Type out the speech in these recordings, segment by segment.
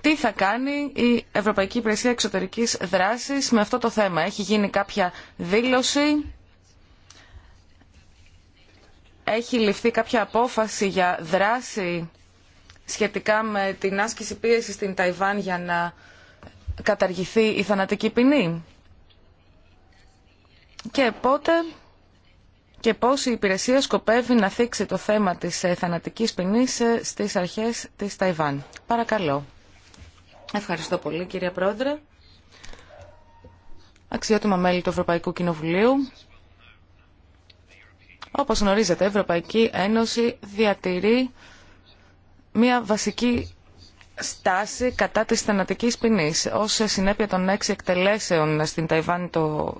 τι θα κάνει η Ευρωπαϊκή Υπηρεσία Εξωτερικής Δράσης με αυτό το θέμα. Έχει γίνει κάποια δήλωση, έχει ληφθεί κάποια απόφαση για δράση σχετικά με την άσκηση πίεσης στην Ταϊβάν για να καταργηθεί η θανατική ποινή. Και πότε και πώς η υπηρεσία σκοπεύει να θίξει το θέμα της θανατικής ποινής ε, στις αρχές της Ταϊβάν. Παρακαλώ. Ευχαριστώ πολύ κυρία Πρόεδρε. Αξιότιμα μέλη του Ευρωπαϊκού Κοινοβουλίου. Όπως γνωρίζετε, η Ευρωπαϊκή Ένωση διατηρεί μια βασική στάση κατά της θανατικής ποινής. Ως συνέπεια των έξι εκτελέσεων στην Ταϊβάν το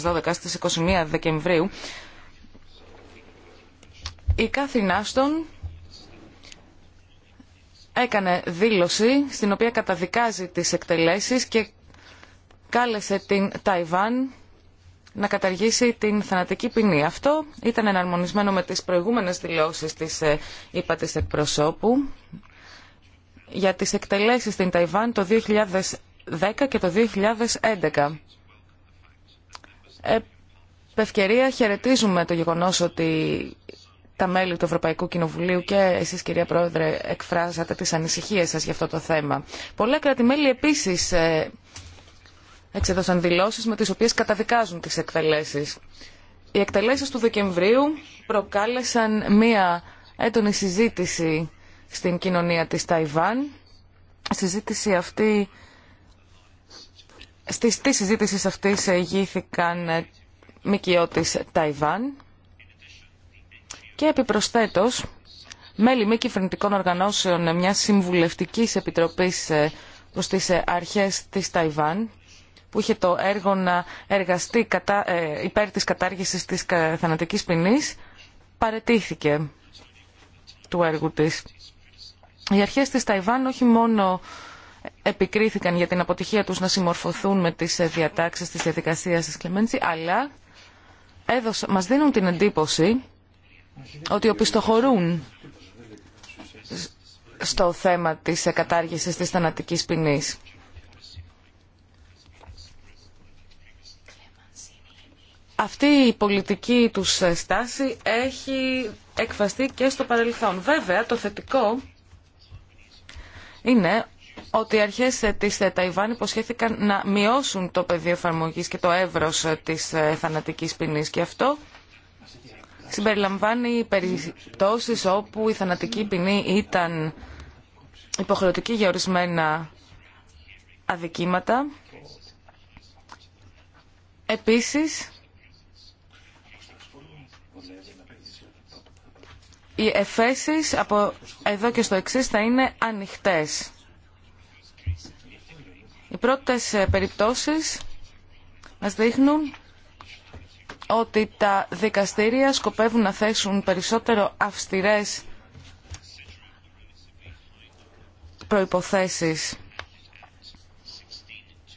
2012 στις 21 Δεκεμβρίου, η Κάθριν Άστον έκανε δήλωση στην οποία καταδικάζει τις εκτελέσεις και κάλεσε την Ταϊβάν να καταργήσει την θανατική ποινή. Αυτό ήταν εναρμονισμένο με τις προηγούμενες δηλώσεις της υπατης ε, της εκπροσώπου για τις εκτελέσεις στην Ταϊβάν το 2010 και το 2011. Επ' ευκαιρία χαιρετίζουμε το γεγονός ότι τα μέλη του Ευρωπαϊκού Κοινοβουλίου και εσείς κυρία Πρόεδρε εκφράσατε τις ανησυχίες σας για αυτό το θέμα. Πολλά κράτη-μέλη επίσης ε, εξέδωσαν δηλώσεις με τις οποίες καταδικάζουν τις εκτελέσεις. Οι εκτελέσεις του Δεκεμβρίου προκάλεσαν μία έντονη συζήτηση στην κοινωνία της Ταϊβάν. Συζήτηση αυτή... Στη, στη συζήτηση αυτή ηγήθηκαν ε, Ταϊβάν και επιπροσθέτως, μέλη μη κυβερνητικών οργανώσεων μια συμβουλευτικής επιτροπής ε, προς τις ε, αρχές της Ταϊβάν, που είχε το έργο να εργαστεί κατά, ε, υπέρ της κατάργησης της θανατικής ποινής, παρετήθηκε του έργου της. Οι αρχές της Ταϊβάν όχι μόνο επικρίθηκαν για την αποτυχία τους να συμμορφωθούν με τις ε, διατάξεις της διαδικασίας της Κλεμέντζη, αλλά έδωσε, μας δίνουν την εντύπωση ότι οπισθοχωρούν στο θέμα της εκατάργησης της θανατικής ποινής. Αυτή η πολιτική τους στάση έχει εκφαστεί και στο παρελθόν. Βέβαια, το θετικό είναι ότι οι αρχές της Ταϊβάν υποσχέθηκαν να μειώσουν το πεδίο εφαρμογή και το εύρος της θανατικής ποινής και αυτό συμπεριλαμβάνει περιπτώσεις όπου η θανατική ποινή ήταν υποχρεωτική για ορισμένα αδικήματα. Επίσης, οι εφέσεις από εδώ και στο εξής θα είναι ανοιχτές. Οι πρώτες ε, περιπτώσεις μας δείχνουν ότι τα δικαστήρια σκοπεύουν να θέσουν περισσότερο αυστηρές προϋποθέσεις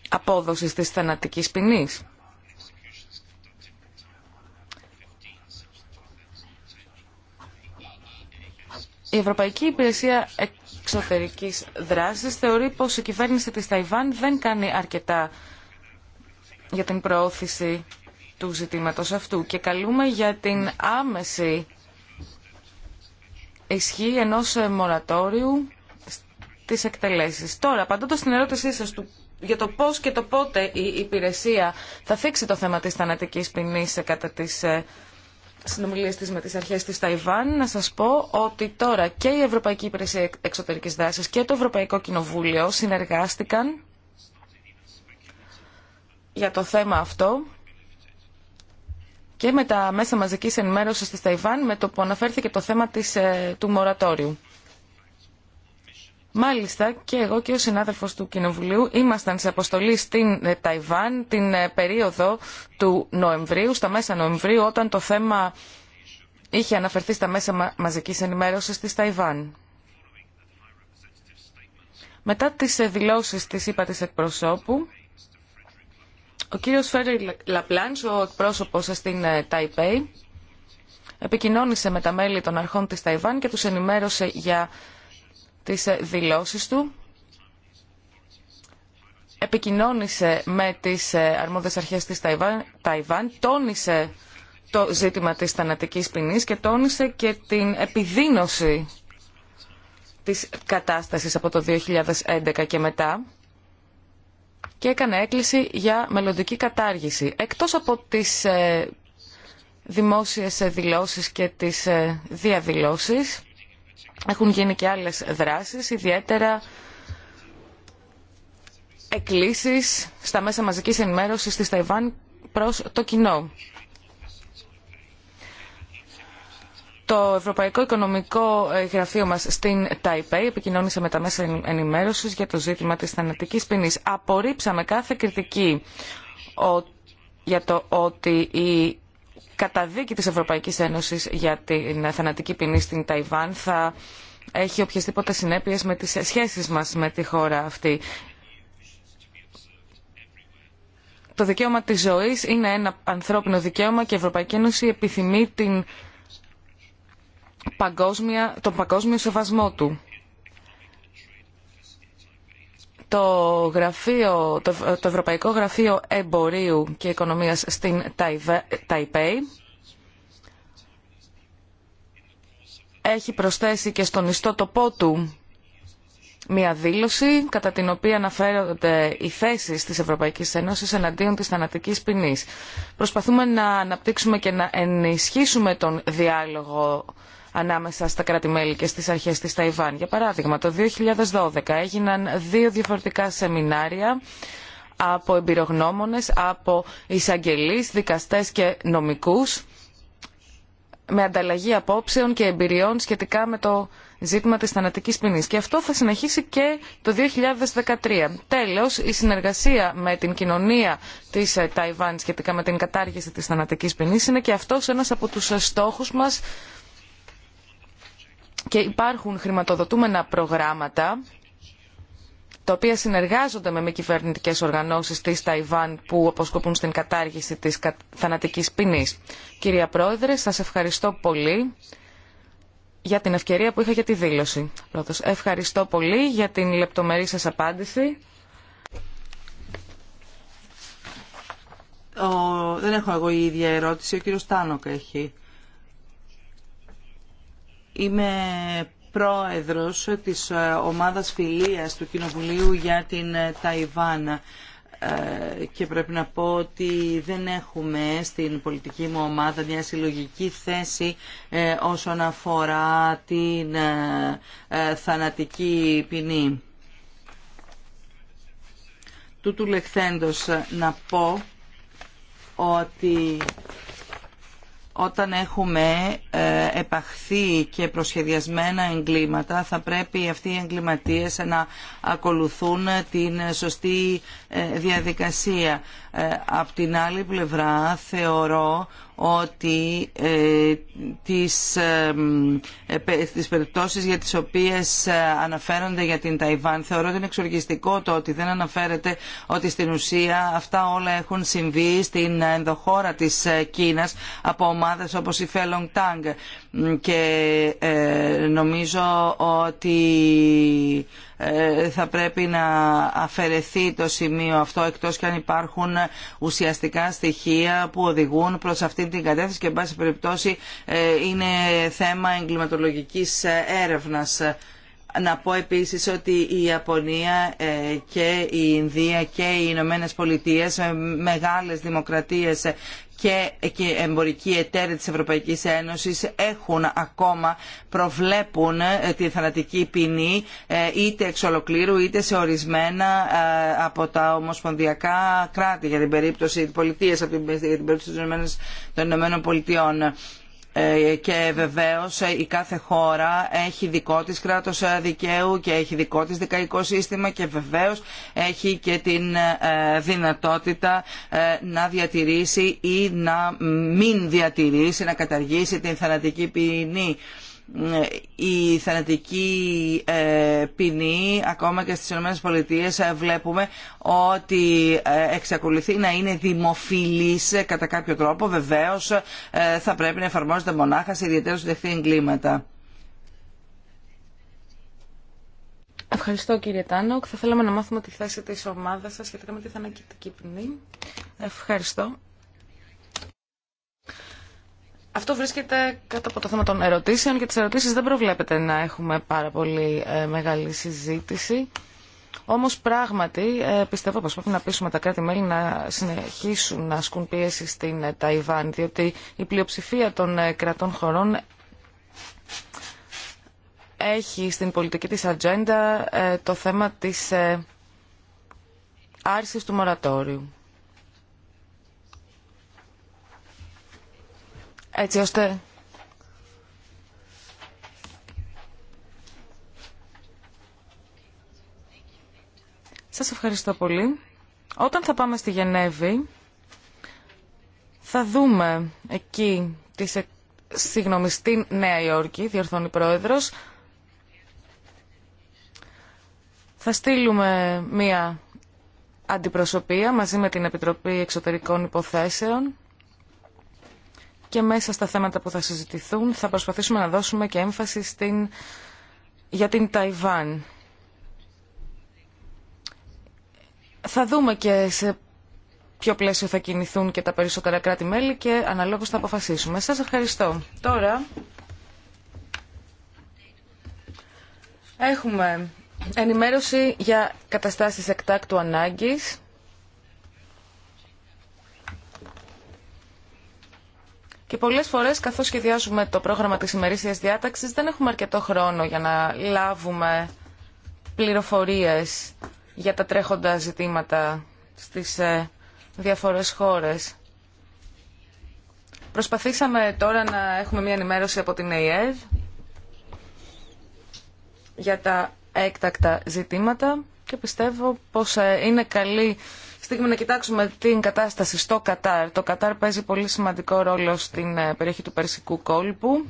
απόδοσης της θανατικής ποινής. Η Ευρωπαϊκή Υπηρεσία Εξωτερικής Δράσης θεωρεί πως η κυβέρνηση της Ταϊβάν δεν κάνει αρκετά για την προώθηση του ζητήματος αυτού και καλούμε για την άμεση ισχύ ενός μορατόριου της εκτελέσεις. Τώρα, απαντώντας στην ερώτησή σας του για το πώς και το πότε η υπηρεσία θα θίξει το θέμα της θανατικής ποινής κατά τις ε, συνομιλίες της με τις αρχές της Ταϊβάν, να σας πω ότι τώρα και η Ευρωπαϊκή Υπηρεσία Εξωτερικής Δράσης και το Ευρωπαϊκό Κοινοβούλιο συνεργάστηκαν για το θέμα αυτό και με τα μέσα μαζικής ενημέρωσης της Ταϊβάν με το που αναφέρθηκε το θέμα της, ε, του μορατόριου. Μάλιστα και εγώ και ο συνάδελφος του Κοινοβουλίου ήμασταν σε αποστολή στην ε, Ταϊβάν την ε, περίοδο του Νοεμβρίου, στα μέσα Νοεμβρίου, όταν το θέμα είχε αναφερθεί στα μέσα μαζικής ενημέρωσης της Ταϊβάν. Μετά τις δηλώσεις της είπα της εκπροσώπου, ο κύριος Φέρι Λαπλάνς, ο εκπρόσωπος στην ε, Ταϊπέη, επικοινώνησε με τα μέλη των αρχών της Ταϊβάν και τους ενημέρωσε για τις ε, δηλώσεις του. Επικοινώνησε με τις ε, αρμόδιες αρχές της Ταϊβάν, τόνισε το ζήτημα της θανατικής ποινής και τόνισε και την επιδείνωση της κατάστασης από το 2011 και μετά και έκανε έκκληση για μελλοντική κατάργηση. Εκτός από τις ε, δημόσιες δηλώσεις και τις ε, διαδηλώσεις έχουν γίνει και άλλες δράσεις, ιδιαίτερα εκκλήσεις στα μέσα μαζικής ενημέρωσης της Ταϊβάν προς το κοινό. Το Ευρωπαϊκό Οικονομικό ε, Γραφείο μας στην Ταϊπέη επικοινώνησε με τα μέσα ενημέρωσης για το ζήτημα της θανατικής ποινής. Απορρίψαμε κάθε κριτική για το ότι η καταδίκη της Ευρωπαϊκής Ένωσης για την θανατική ποινή στην Ταϊβάν θα έχει οποιασδήποτε συνέπειες με τις σχέσεις μας με τη χώρα αυτή. Το δικαίωμα της ζωής είναι ένα ανθρώπινο δικαίωμα και η Ευρωπαϊκή Ένωση επιθυμεί την τον παγκόσμιο σεβασμό του. Το, γραφείο, το, Ευρωπαϊκό Γραφείο Εμπορίου και Οικονομίας στην Ταϊπέη έχει προσθέσει και στον ιστό τοπό του μια δήλωση κατά την οποία αναφέρονται οι θέσεις της Ευρωπαϊκής Ένωσης εναντίον της θανατικής ποινής. Προσπαθούμε να αναπτύξουμε και να ενισχύσουμε τον διάλογο ανάμεσα στα κράτη-μέλη και στις αρχές της Ταϊβάν. Για παράδειγμα, το 2012 έγιναν δύο διαφορετικά σεμινάρια από εμπειρογνώμονες, από εισαγγελείς, δικαστές και νομικούς με ανταλλαγή απόψεων και εμπειριών σχετικά με το ζήτημα της θανατικής ποινής. Και αυτό θα συνεχίσει και το 2013. Τέλος, η συνεργασία με την κοινωνία της Ταϊβάν σχετικά με την κατάργηση της θανατικής ποινής είναι και αυτός ένας από τους στόχους μας και υπάρχουν χρηματοδοτούμενα προγράμματα τα οποία συνεργάζονται με μη κυβερνητικέ οργανώσει τη Ταϊβάν που αποσκοπούν στην κατάργηση τη θανατική ποινή. Κυρία Πρόεδρε, σα ευχαριστώ πολύ για την ευκαιρία που είχα για τη δήλωση. ευχαριστώ πολύ για την λεπτομερή σα απάντηση. Δεν έχω εγώ η ίδια ερώτηση, ο κύριος Τάνοκ έχει. Είμαι πρόεδρος της ε, ομάδας φιλίας του Κοινοβουλίου για την ε, Ταϊβάν ε, και πρέπει να πω ότι δεν έχουμε στην πολιτική μου ομάδα μια συλλογική θέση όσον αφορά την θανατική ποινή. Τούτου λεχθέντος να πω ότι όταν έχουμε ε, επαχθεί και προσχεδιασμένα εγκλήματα θα πρέπει αυτοί οι εγκληματίες να ακολουθούν την σωστή ε, διαδικασία. Ε, απ' την άλλη πλευρά θεωρώ ότι ε, τις, ε, τις περιπτώσεις για τις οποίες ε, αναφέρονται για την Ταϊβάν θεωρώ ότι είναι εξοργιστικό το ότι δεν αναφέρεται ότι στην ουσία αυτά όλα έχουν συμβεί στην ενδοχώρα της Κίνας από ομάδες όπως η Φέλονγκ Τάγκ και ε, νομίζω ότι ε, θα πρέπει να αφαιρεθεί το σημείο αυτό εκτός και αν υπάρχουν ουσιαστικά στοιχεία που οδηγούν προς αυτή την κατεύθυνση και εν πάση περιπτώσει ε, είναι θέμα εγκληματολογικής έρευνας. Να πω επίσης ότι η Ιαπωνία και η Ινδία και οι Ηνωμένε Πολιτείες, μεγάλες δημοκρατίες και εμπορικοί εταίροι της Ευρωπαϊκής Ένωσης έχουν ακόμα, προβλέπουν ε, τη θανατική ποινή ε, είτε εξ ολοκλήρου είτε σε ορισμένα ε, από τα ομοσπονδιακά κράτη για την περίπτωση της πολιτείας, για την περίπτωση των Ηνωμένων Πολιτειών. Ε, και βεβαίως ε, η κάθε χώρα έχει δικό της κράτος ε, δικαίου και έχει δικό της δικαϊκό σύστημα και βεβαίως έχει και την δυνατότητα να διατηρήσει ή να μην διατηρήσει, να καταργήσει την θανατική ποινή η θανατική ε, ποινή ακόμα και στις ΗΠΑ ε, βλέπουμε ότι ε, εξακολουθεί να είναι δημοφιλής κατά κάποιο τρόπο βεβαίως θα πρέπει να εφαρμόζεται μονάχα σε ιδιαίτερους δεχθεί εγκλήματα. Ευχαριστώ κύριε Τάνοκ. Θα θέλαμε να μάθουμε τη θέση της ομάδας σας σχετικά με τη θανατική ποινή. Ευχαριστώ. Αυτό βρίσκεται κάτω από το θέμα των ερωτήσεων. και τις ερωτήσεις δεν προβλέπεται να έχουμε πάρα πολύ ε, μεγάλη συζήτηση. Όμως πράγματι ε, πιστεύω πως πρέπει να πείσουμε τα κράτη-μέλη να συνεχίσουν να ασκούν πίεση στην ε, Ταϊβάν, διότι η πλειοψηφία των κρατών χωρών έχει στην πολιτική της ατζέντα το θέμα της άρσης του μορατόριου. έτσι ώστε Σας ευχαριστώ πολύ. Όταν θα πάμε στη Γενέβη, θα δούμε εκεί, τις, συγγνώμη, Νέα Υόρκη, διορθώνει πρόεδρος, θα στείλουμε μία αντιπροσωπεία μαζί με την Επιτροπή Εξωτερικών Υποθέσεων και μέσα στα θέματα που θα συζητηθούν θα προσπαθήσουμε να δώσουμε και έμφαση στην... για την Ταϊβάν. Θα δούμε και σε ποιο πλαίσιο θα κινηθούν και τα περισσότερα κράτη-μέλη και αναλόγως θα αποφασίσουμε. Σας ευχαριστώ. Τώρα έχουμε ενημέρωση για καταστάσεις εκτάκτου ανάγκης. Και πολλέ φορέ, καθώ σχεδιάζουμε το πρόγραμμα τη ημερήσια διάταξη, δεν έχουμε αρκετό χρόνο για να λάβουμε πληροφορίε για τα τρέχοντα ζητήματα στι ε, διαφορέ χώρε. Προσπαθήσαμε τώρα να έχουμε μια ενημέρωση από την ΕΕΔ για τα έκτακτα ζητήματα και πιστεύω πως ε, είναι καλή στιγμή να κοιτάξουμε την κατάσταση στο Κατάρ. Το Κατάρ παίζει πολύ σημαντικό ρόλο στην ε, περιοχή του Περσικού κόλπου,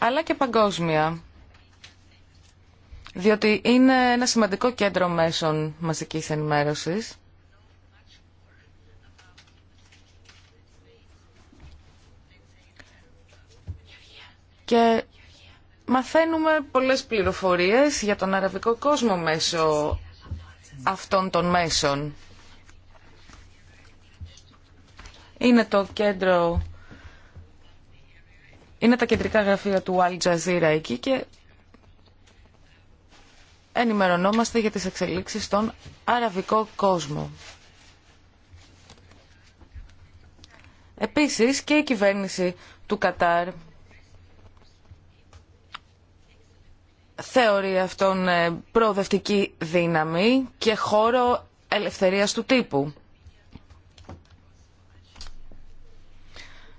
αλλά και παγκόσμια. Διότι είναι ένα σημαντικό κέντρο μέσων μαζικής ενημέρωσης. Και μαθαίνουμε πολλές πληροφορίες για τον αραβικό κόσμο μέσω αυτών των μέσων. Είναι το κέντρο... Είναι τα κεντρικά γραφεία του Al Jazeera εκεί και ενημερωνόμαστε για τις εξελίξεις στον αραβικό κόσμο. Επίσης και η κυβέρνηση του Κατάρ θεωρεί αυτόν ε, προοδευτική δύναμη και χώρο ελευθερίας του τύπου.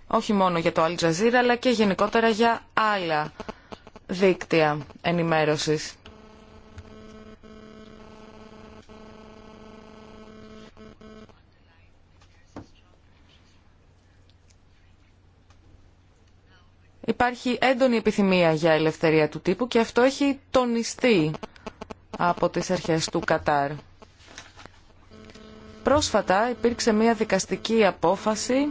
Όχι μόνο για το Al αλλά και γενικότερα για άλλα δίκτυα ενημέρωσης. υπάρχει έντονη επιθυμία για ελευθερία του τύπου και αυτό έχει τονιστεί από τις αρχές του Κατάρ. Πρόσφατα υπήρξε μια δικαστική απόφαση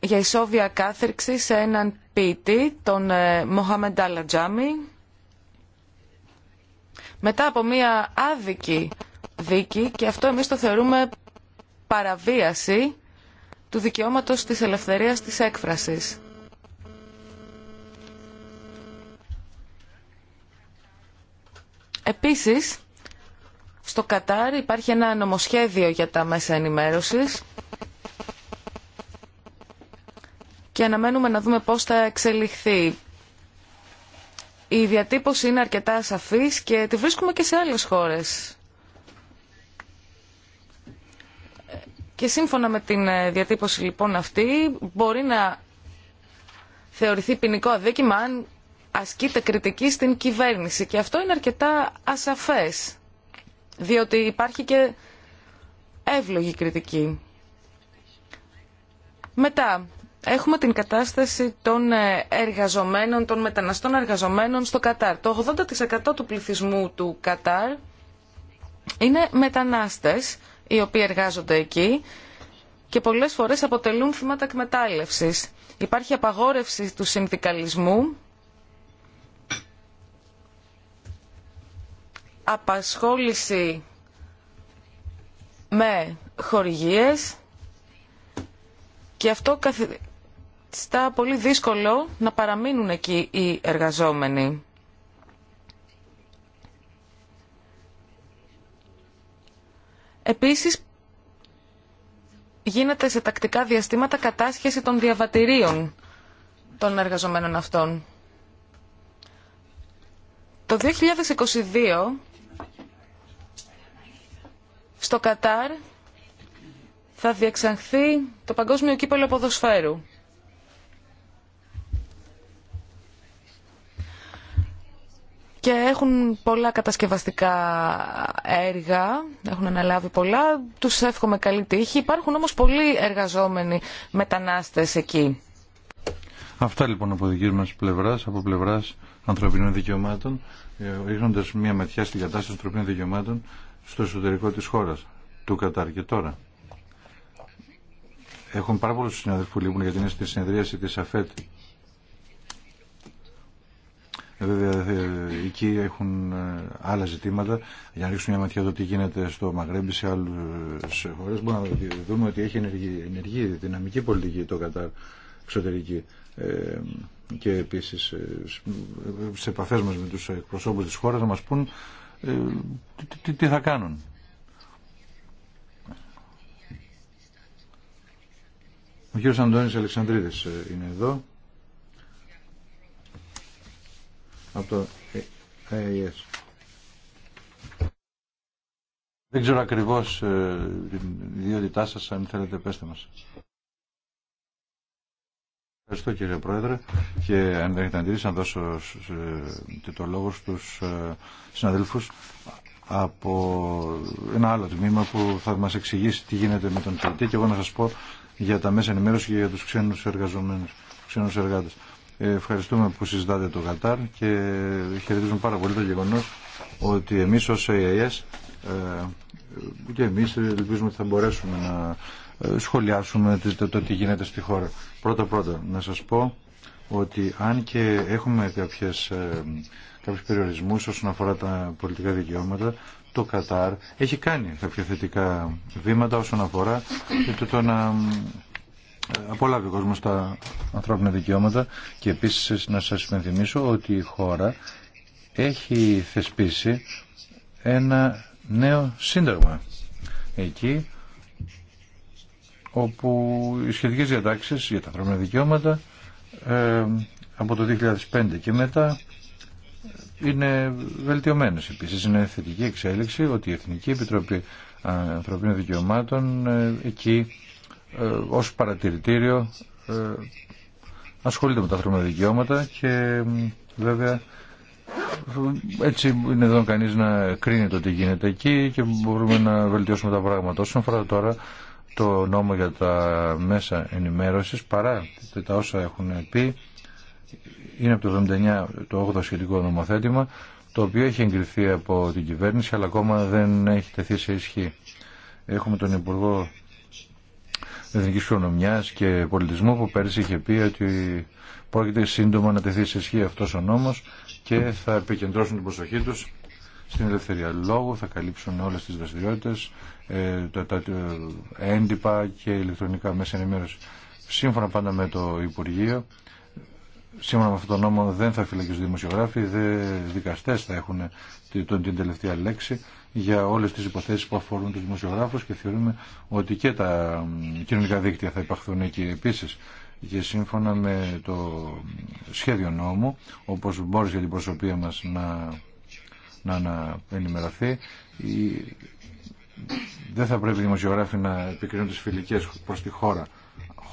για ισόβια κάθερξη σε έναν ποιητή, τον ε, Μοχάμεντ Αλατζάμι, μετά από μια άδικη δίκη και αυτό εμείς το θεωρούμε παραβίαση του δικαιώματος της ελευθερίας της έκφρασης. Επίσης, στο Κατάρι υπάρχει ένα νομοσχέδιο για τα μέσα ενημέρωσης και αναμένουμε να δούμε πώς θα εξελιχθεί. Η διατύπωση είναι αρκετά σαφής και τη βρίσκουμε και σε άλλες χώρες Και σύμφωνα με την ε, διατύπωση λοιπόν αυτή μπορεί να θεωρηθεί ποινικό αδίκημα αν ασκείται κριτική στην κυβέρνηση. Και αυτό είναι αρκετά ασαφές, διότι υπάρχει και εύλογη κριτική. Μετά, έχουμε την κατάσταση των ε, εργαζομένων, των μεταναστών εργαζομένων στο Κατάρ. Το 80% του πληθυσμού του Κατάρ είναι μετανάστες οι οποίοι εργάζονται εκεί και πολλές φορές αποτελούν θύματα εκμετάλλευσης. Υπάρχει απαγόρευση του συνδικαλισμού, απασχόληση με χορηγίες και αυτό καθιστά πολύ δύσκολο να παραμείνουν εκεί οι εργαζόμενοι. Επίσης, γίνεται σε τακτικά διαστήματα κατάσχεση των διαβατηρίων των εργαζομένων αυτών. Το 2022, στο Κατάρ, θα διεξαχθεί το Παγκόσμιο Κύπελο Ποδοσφαίρου. και έχουν πολλά κατασκευαστικά έργα, έχουν αναλάβει πολλά, τους εύχομαι καλή τύχη. Υπάρχουν όμως πολλοί εργαζόμενοι μετανάστες εκεί. Αυτά λοιπόν από δική μας πλευράς, από πλευράς ανθρωπινών δικαιωμάτων, ε, ρίχνοντας μια ματιά στην κατάσταση ανθρωπινών δικαιωμάτων στο εσωτερικό της χώρας, του Κατάρ και τώρα. Έχουν πάρα πολλούς συναδέλφους που λείπουν γιατί είναι στη συνεδρίαση της ΑΦΕΤ ε, βέβαια, ε, εκεί έχουν ε, άλλα ζητήματα. Για να ρίξουμε μια ματιά το τι γίνεται στο Μαγρέμπι σε άλλου χώρε, μπορούμε να δούμε ότι έχει ενεργή, ενεργή δυναμική πολιτική το Κατάρ εξωτερική. Ε, και επίσης, σε επαφές μας με τους εκπροσώπους της χώρας, να μας πούν τι, τι θα κάνουν. Ο κύριος Αντώνης Αλεξανδρίδης είναι εδώ. από το Δεν ξέρω ακριβώς ε, την ιδιότητά σας, αν θέλετε πέστε μας. Ευχαριστώ κύριε Πρόεδρε και αν δεν έχετε αντιρρήσει να δώσω ε, το λόγο στους ε, συναδέλφους από ένα άλλο τμήμα που θα μας εξηγήσει τι γίνεται με τον ποιητή και εγώ να σας πω για τα μέσα ενημέρωση και για τους ξένους εργαζομένους, ξένους εργάτες. Ε, ευχαριστούμε που συζητάτε το Κατάρ και χαιρετίζουμε πάρα πολύ το γεγονός ότι εμείς ως ΕΕΣ και εμείς ελπίζουμε ότι θα μπορέσουμε να ε, σχολιάσουμε το τι γίνεται στη χώρα. Πρώτα-πρώτα να σας πω ότι αν και έχουμε κάποιες, ε, κάποιους περιορισμούς όσον αφορά τα πολιτικά δικαιώματα, το Κατάρ έχει κάνει κάποια θετικά βήματα όσον αφορά το να απολάβει ο κόσμος τα ανθρώπινα δικαιώματα και επίσης να σας υπενθυμίσω ότι η χώρα έχει θεσπίσει ένα νέο σύνταγμα εκεί όπου οι σχετικές διατάξεις για τα ανθρώπινα δικαιώματα ε, από το 2005 και μετά είναι βελτιωμένες επίσης. Είναι θετική εξέλιξη ότι η Εθνική Επιτροπή Ανθρωπίνων Δικαιωμάτων ε, εκεί ε, ως παρατηρητήριο ε, ασχολείται με τα ανθρώπινα δικαιώματα και βέβαια έτσι είναι εδώ κανείς να κρίνει το τι γίνεται εκεί και μπορούμε να βελτιώσουμε τα πράγματα. Όσον αφορά τώρα το νόμο για τα μέσα ενημέρωσης παρά τα όσα έχουν πει είναι από το 79 το 8ο σχετικό νομοθέτημα το οποίο έχει εγκριθεί από την κυβέρνηση αλλά ακόμα δεν έχει τεθεί σε ισχύ. Έχουμε τον Υπουργό Εθνική οικονομία και πολιτισμού που πέρυσι είχε πει ότι πρόκειται σύντομα να τεθεί σε ισχύ αυτό ο νόμος και θα επικεντρώσουν την προσοχή του στην ελευθερία λόγου, θα καλύψουν όλες τις δραστηριότητε, ε, τα, έντυπα και ηλεκτρονικά μέσα ενημέρωση. Σύμφωνα πάντα με το Υπουργείο, σύμφωνα με αυτόν τον νόμο δεν θα φυλακίζουν δημοσιογράφοι, δικαστέ θα έχουν την τελευταία λέξη για όλες τις υποθέσεις που αφορούν τους δημοσιογράφους και θεωρούμε ότι και τα κοινωνικά δίκτυα θα υπαχθούν εκεί επίσης και σύμφωνα με το σχέδιο νόμου όπως μπόρεσε για την προσωπία μας να, να, να ενημερωθεί δεν θα πρέπει οι δημοσιογράφοι να επικρίνουν τις φιλικές προς τη χώρα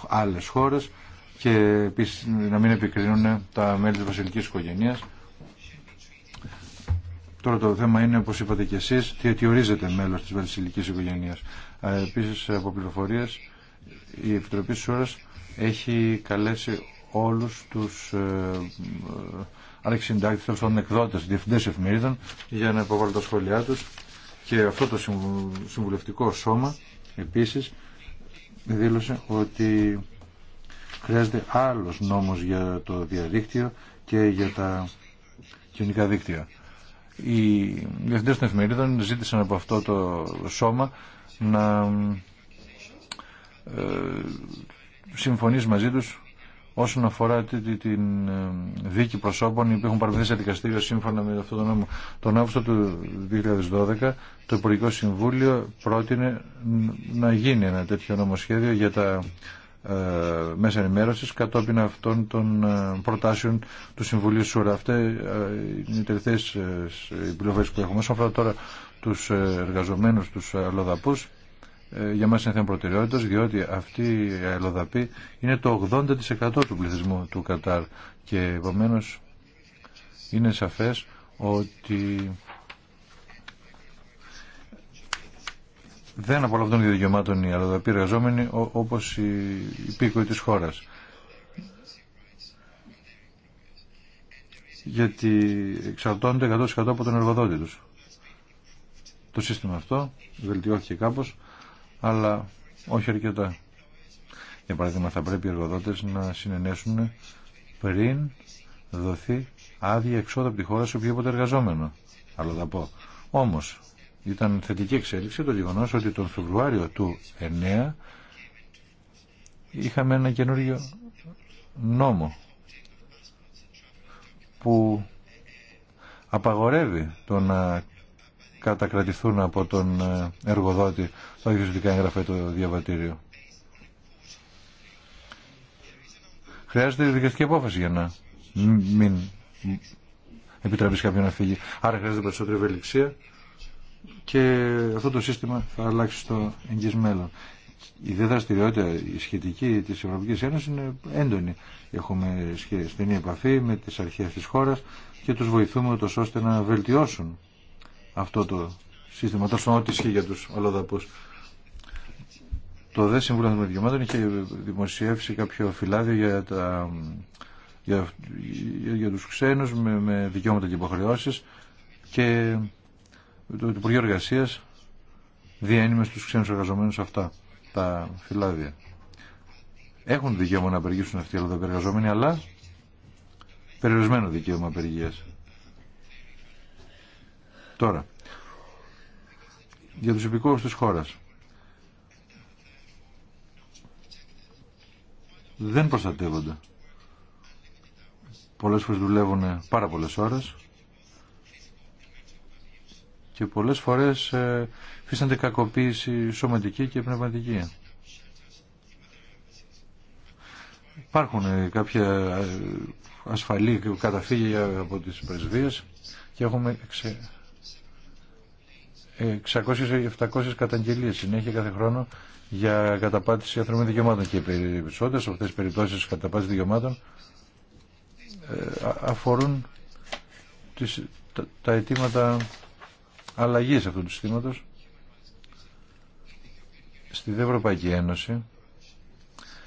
άλλες χώρες και επίσης να μην επικρίνουν τα μέλη της βασιλικής οικογένειας Τώρα το θέμα είναι, όπως είπατε και εσείς, τι ορίζεται μέλος της βασιλικής οικογένειας. Ε, επίσης, από πληροφορίε, η Επιτροπή Σώρας έχει καλέσει όλους τους ε, ε συντάκτε, τέλος πάντων εκδότες, διευθυντές εφημερίδων για να υποβάλουν τα σχόλιά τους και αυτό το συμβουλευτικό σώμα επίσης δήλωσε ότι χρειάζεται άλλος νόμος για το διαδίκτυο και για τα κοινωνικά δίκτυα οι διευθυντές των εφημερίδων ζήτησαν από αυτό το σώμα να ε, συμφωνήσει μαζί τους όσον αφορά την ε, δίκη προσώπων που έχουν παραμεθεί σε δικαστήριο σύμφωνα με αυτό το νόμο. Τον Αύγουστο του 2012 το Υπουργικό Συμβούλιο πρότεινε να γίνει ένα τέτοιο νομοσχέδιο για τα ε, μέσα ενημέρωσης κατόπιν αυτών των ε, προτάσεων του Συμβουλίου ΣΟΡΑ. ε, είναι οι τελευταίες ε, πληροφορίε που έχουμε. Όσον τώρα τους εργαζομένους, τους ελοδαπούς, για μας είναι θέμα προτεραιότητα, διότι αυτοί οι αλλοδαποί είναι το 80% του πληθυσμού του Κατάρ και επομένω είναι σαφές ότι δεν απολαμβάνουν των δικαιωμάτων οι αλλοδαποί εργαζόμενοι όπως οι υπήκοοι της χώρας. Γιατί εξαρτώνται 100% από τον εργοδότη του. Το σύστημα αυτό βελτιώθηκε κάπω, αλλά όχι αρκετά. Για παράδειγμα θα πρέπει οι εργοδότε να συνενέσουν πριν δοθεί άδεια εξόδου από τη χώρα σε οποιοδήποτε εργαζόμενο. Αλλά θα πω. Όμω, ήταν θετική εξέλιξη το γεγονό ότι τον Φεβρουάριο του 9 είχαμε ένα καινούριο νόμο που απαγορεύει το να κατακρατηθούν από τον ε, εργοδότη το αγιοσυντικά έγγραφε το διαβατήριο. Χρειάζεται δικαστική απόφαση για να μην επιτραπείς κάποιον να φύγει. Άρα χρειάζεται περισσότερη ευελιξία και αυτό το σύστημα θα αλλάξει στο εγγύ μέλλον. Η δε δραστηριότητα η σχετική τη Ευρωπαϊκή Ένωση είναι έντονη. Έχουμε στενή επαφή με τι αρχέ τη χώρα και του βοηθούμε τόσο ώστε να βελτιώσουν αυτό το σύστημα, τόσο ό,τι ισχύει για τους αλλοδαπούς. Το ΔΕ Συμβούλιο των είχε δημοσιεύσει κάποιο φυλάδιο για, τα, για, για, τους ξένους με, με δικαιώματα και υποχρεώσεις και το Υπουργείο Εργασία διένυμε στου ξένου εργαζομένου αυτά τα φυλάδια. Έχουν δικαίωμα να απεργήσουν αυτοί οι εργαζομένοι αλλά περιορισμένο δικαίωμα απεργία. Τώρα, για του υπηκόρου τη χώρα. Δεν προστατεύονται. Πολλές φορές δουλεύουν πάρα πολλές ώρες και πολλές φορές ε, φύσανται κακοποίηση σωματική και πνευματική. Υπάρχουν ε, κάποια ε, ασφαλή καταφύγια από τις πρεσβείες και έχουμε 600-700 καταγγελίες συνέχεια κάθε χρόνο για καταπάτηση ανθρωπίνων δικαιωμάτων και οι περισσότερε, από αυτές τι περιπτώσει καταπάτηση δικαιωμάτων αφορούν τις, τα, τα αιτήματα αλλαγής αυτού του συστήματο στη Ευρωπαϊκή Ένωση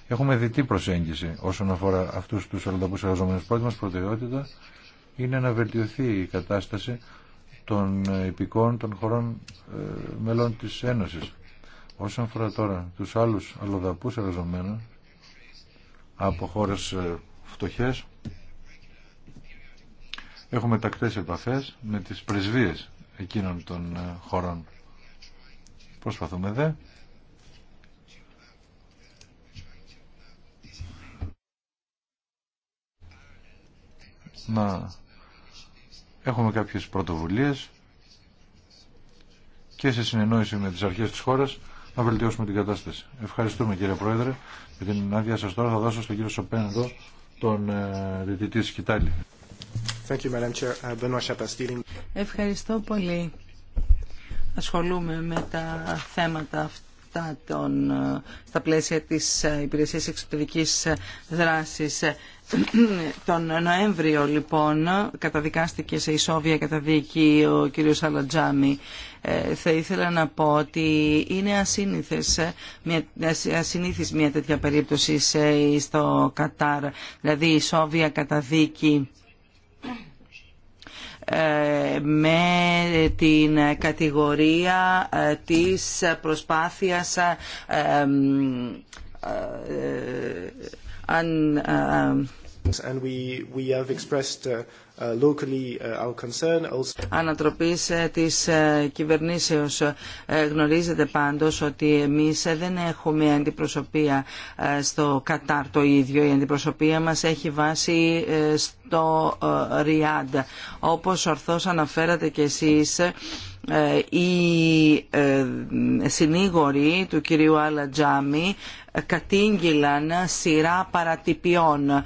έχουμε διτή προσέγγιση όσον αφορά αυτού τους αλλοδαπούς εργαζόμενου. Πρώτη μας προτεραιότητα είναι να βελτιωθεί η κατάσταση των υπηκών των χωρών ε, μελών της Ένωσης. Όσον αφορά τώρα τους άλλους αλλοδαπού εργαζομένου, από χώρε φτωχέ, έχουμε τακτές επαφές με τις πρεσβείες εκείνων των ε, χωρών. Προσπαθούμε δε. Να έχουμε κάποιες πρωτοβουλίες και σε συνεννόηση με τις αρχές της χώρας να βελτιώσουμε την κατάσταση. Ευχαριστούμε κύριε Πρόεδρε για την άδεια σας τώρα. Θα δώσω στον κύριο Σοπέν εδώ τον ε, διτητή Σκητάλη. Thank you, Madam uh, Ευχαριστώ πολύ. Ασχολούμαι με τα θέματα αυτά των, στα πλαίσια της Υπηρεσίας Εξωτερικής Δράσης. Τον Νοέμβριο λοιπόν καταδικάστηκε σε ισόβια καταδίκη ο κύριος Αλατζάμι. Ε, θα ήθελα να πω ότι είναι ασύνηθες, μια, μια τέτοια περίπτωση σε, στο Κατάρ, δηλαδή ισόβια καταδίκη ε, με την κατηγορία ε, της προσπάθειας ε, ε, ε, αν, ε, And we, we have expressed uh, Uh, uh, Ανατροπή ε, της ε, κυβερνήσεως. Ε, γνωρίζετε πάντως ότι εμείς δεν έχουμε αντιπροσωπεία στο Κατάρ το ίδιο. Η αντιπροσωπεία μας έχει βάση στο Ριάντ. Όπως ορθώς αναφέρατε κι εσείς, οι ε, ε, συνήγοροι του κυρίου Αλατζάμι ε, κατήγγυλαν σειρά παρατυπιών.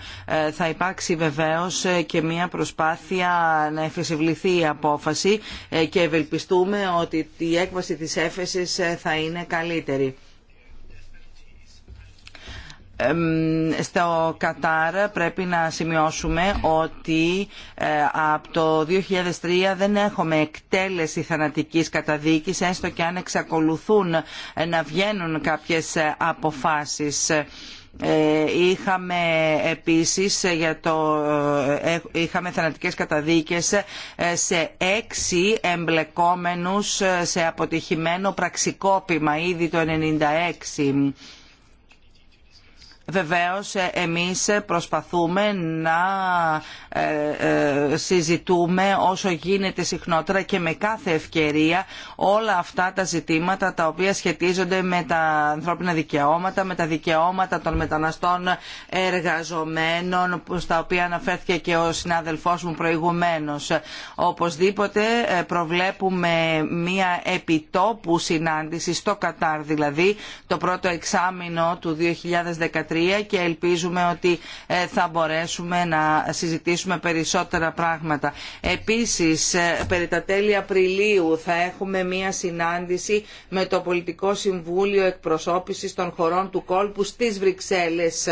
Θα υπάρξει βεβαίως και μια προσπάθεια να εφεσιβληθεί η απόφαση και ευελπιστούμε ότι η έκβαση της έφεσης θα είναι καλύτερη στο Κατάρ πρέπει να σημειώσουμε ότι ε, από το 2003 δεν έχουμε εκτέλεση θανατικής καταδίκης έστω και αν εξακολουθούν ε, να βγαίνουν κάποιες ε, αποφάσεις είχαμε επίσης για το, είχαμε θανατικές καταδίκες σε έξι εμπλεκόμενους σε αποτυχημένο πραξικόπημα ήδη το 1996 Βεβαίως ε, εμείς προσπαθούμε να ε, ε, συζητούμε όσο γίνεται συχνότερα και με κάθε ευκαιρία όλα αυτά τα ζητήματα τα οποία σχετίζονται με τα ανθρώπινα δικαιώματα, με τα δικαιώματα των μεταναστών εργαζομένων στα οποία αναφέρθηκε και ο συνάδελφός μου προηγουμένως. Οπωσδήποτε προβλέπουμε μία επιτόπου συνάντηση στο Κατάρ δηλαδή το πρώτο εξάμεινο του 2013 και ελπίζουμε ότι ε, θα μπορέσουμε να συζητήσουμε περισσότερα πράγματα. Επίσης, ε, περί τα τέλη Απριλίου θα έχουμε μία συνάντηση με το Πολιτικό Συμβούλιο Εκπροσώπησης των Χωρών του Κόλπου στις Βρυξέλλες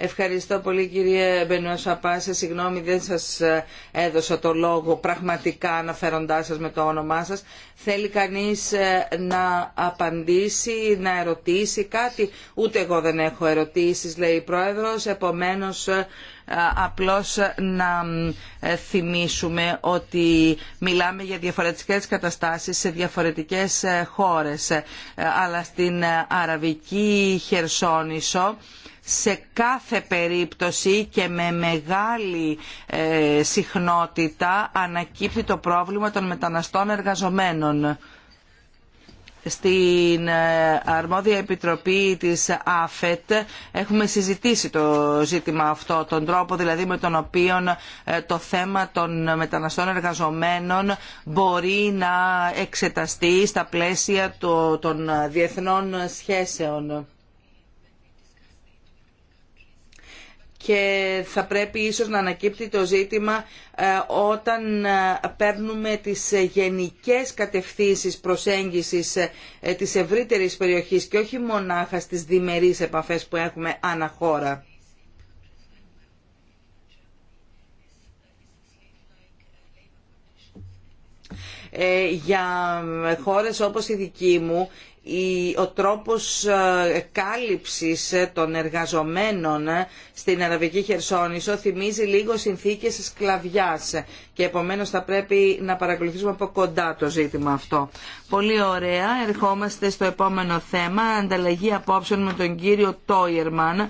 Ευχαριστώ πολύ κύριε Σαπά. Σε συγγνώμη δεν σας ε, έδωσα το λόγο πραγματικά αναφέροντάς σας με το όνομά σας. Θέλει κανείς ε, να απαντήσει, να ερωτήσει κάτι. Ούτε εγώ δεν έχω ερωτήσεις λέει η Πρόεδρος. Επομένως ε, απλώς να θυμίσουμε ότι μιλάμε για διαφορετικές καταστάσεις σε διαφορετικές χώρες. Αλλά στην Αραβική Χερσόνησο σε κάθε περίπτωση και με μεγάλη ε, συχνότητα ανακύπτει το πρόβλημα των μεταναστών εργαζομένων. Στην ε, αρμόδια επιτροπή της ΑΦΕΤ έχουμε συζητήσει το ζήτημα αυτό, τον τρόπο δηλαδή με τον οποίο ε, το θέμα των μεταναστών εργαζομένων μπορεί να εξεταστεί στα πλαίσια των διεθνών σχέσεων και θα πρέπει ίσως να ανακύπτει το ζήτημα ε, όταν ε, παίρνουμε τις ε, γενικές κατευθύνσεις προσέγγισης της ευρύτερης περιοχής και όχι μονάχα στις διμερείς επαφές που έχουμε αναχώρα. Ε, για χώρες όπως η δική μου ο τρόπος ε, κάλυψης ε, των εργαζομένων στην Αραβική Χερσόνησο θυμίζει λίγο συνθήκες σκλαβιάς και επομένως θα πρέπει να παρακολουθήσουμε από κοντά το ζήτημα αυτό. Πολύ ωραία. Ερχόμαστε στο επόμενο θέμα. Ανταλλαγή απόψεων με τον κύριο Τόιερμαν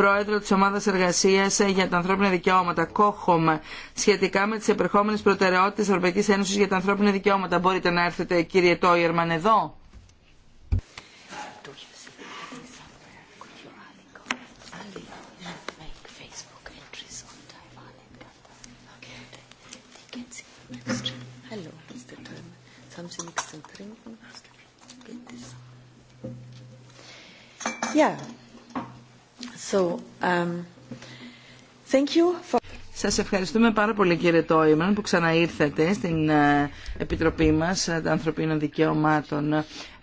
πρόεδρο της Ομάδας Εργασίας για τα Ανθρώπινα Δικαιώματα, Κόχομ, σχετικά με τις επερχόμενες προτεραιότητες της Ευρωπαϊκής Ένωσης για τα Ανθρώπινα Δικαιώματα. Μπορείτε να έρθετε κύριε Τόιερμαν εδώ. Yeah. So, um, Σας ευχαριστούμε πάρα πολύ κύριε Τόιμαν που ξαναήρθατε στην ε, Επιτροπή μας ε, Ανθρωπίνων Δικαιωμάτων.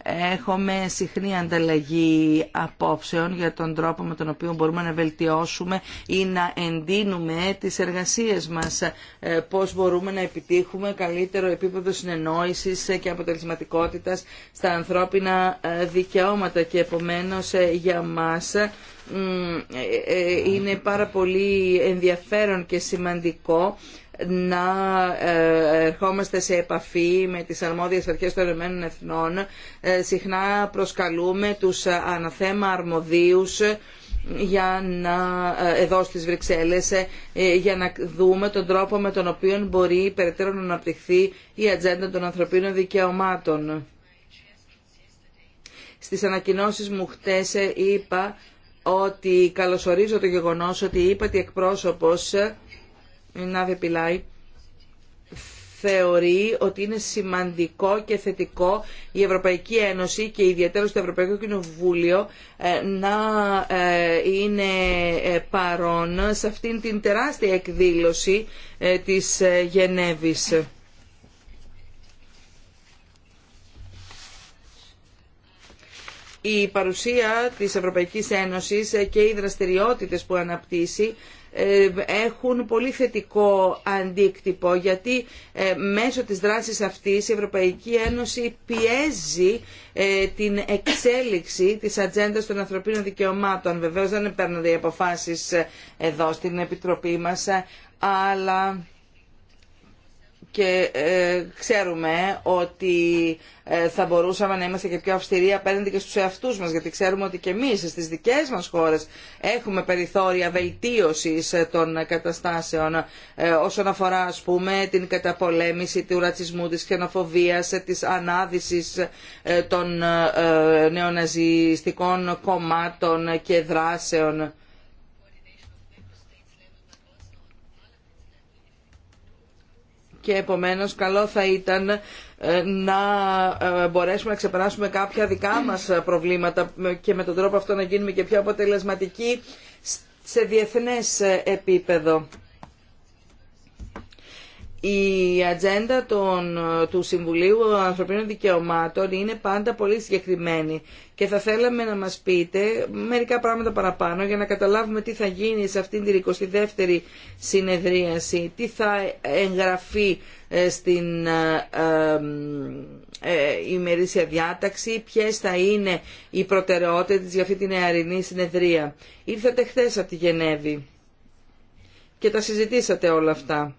Έχουμε συχνή ανταλλαγή απόψεων για τον τρόπο με τον οποίο μπορούμε να βελτιώσουμε ή να εντείνουμε τις εργασίες μας, ε, πώς μπορούμε να επιτύχουμε καλύτερο επίπεδο συνεννόησης και αποτελεσματικότητας στα ανθρώπινα ε, δικαιώματα και επομένως ε, για μας είναι πάρα πολύ ενδιαφέρον και σημαντικό να ε, ερχόμαστε σε επαφή με τις αρμόδιες αρχές των Ηνωμένων Εθνών. Ε, συχνά προσκαλούμε τους αναθέμα αρμοδίους ε, για να, εδώ στις Βρυξέλλες για να δούμε τον τρόπο με τον οποίο μπορεί περαιτέρω να αναπτυχθεί η ατζέντα των ανθρωπίνων δικαιωμάτων. Στις ανακοινώσεις μου χτες είπα ότι καλωσορίζω το γεγονός ότι είπα ότι εκπρόσωπος Νάβε Πιλάη, θεωρεί ότι είναι σημαντικό και θετικό η Ευρωπαϊκή Ένωση και ιδιαίτερα το Ευρωπαϊκό Κοινοβούλιο ε, να ε, είναι ε, παρόν σε αυτήν την τεράστια εκδήλωση της Γενέβης. Η παρουσία της Ευρωπαϊκής Ένωσης και οι δραστηριότητες που αναπτύσσει ε, έχουν πολύ θετικό αντίκτυπο γιατί ε, μέσω της δράσης αυτής η Ευρωπαϊκή Ένωση πιέζει ε, την εξέλιξη της ατζέντα των ανθρωπίνων δικαιωμάτων. Βεβαίως δεν παίρνονται οι αποφάσεις εδώ στην Επιτροπή μας αλλά και ε, ξέρουμε ότι ε, θα μπορούσαμε να είμαστε και πιο αυστηροί απέναντι και στους εαυτούς μας γιατί ξέρουμε ότι και εμείς στις δικές μας χώρες έχουμε περιθώρια βελτίωσης ε, των καταστάσεων όσον αφορά ας πούμε την καταπολέμηση του ρατσισμού, της ξενοφοβίας, της ανάδυσης των νεοναζιστικών κομμάτων και δράσεων. και επομένως καλό θα ήταν ε, να ε, μπορέσουμε να ξεπεράσουμε κάποια δικά μας προβλήματα και με τον τρόπο αυτό να γίνουμε και πιο αποτελεσματικοί σε διεθνές επίπεδο η ατζέντα των, του Συμβουλίου Ανθρωπίνων Δικαιωμάτων είναι πάντα πολύ συγκεκριμένη και θα θέλαμε να μας πείτε μερικά πράγματα παραπάνω για να καταλάβουμε τι θα γίνει σε αυτήν την 22η συνεδρίαση, τι θα εγγραφεί ε, στην ε, ε, ε ημερήσια διάταξη, ποιες θα είναι οι προτεραιότητες για αυτή την νεαρινή συνεδρία. Ήρθατε χθες από τη Γενέβη και τα συζητήσατε όλα αυτά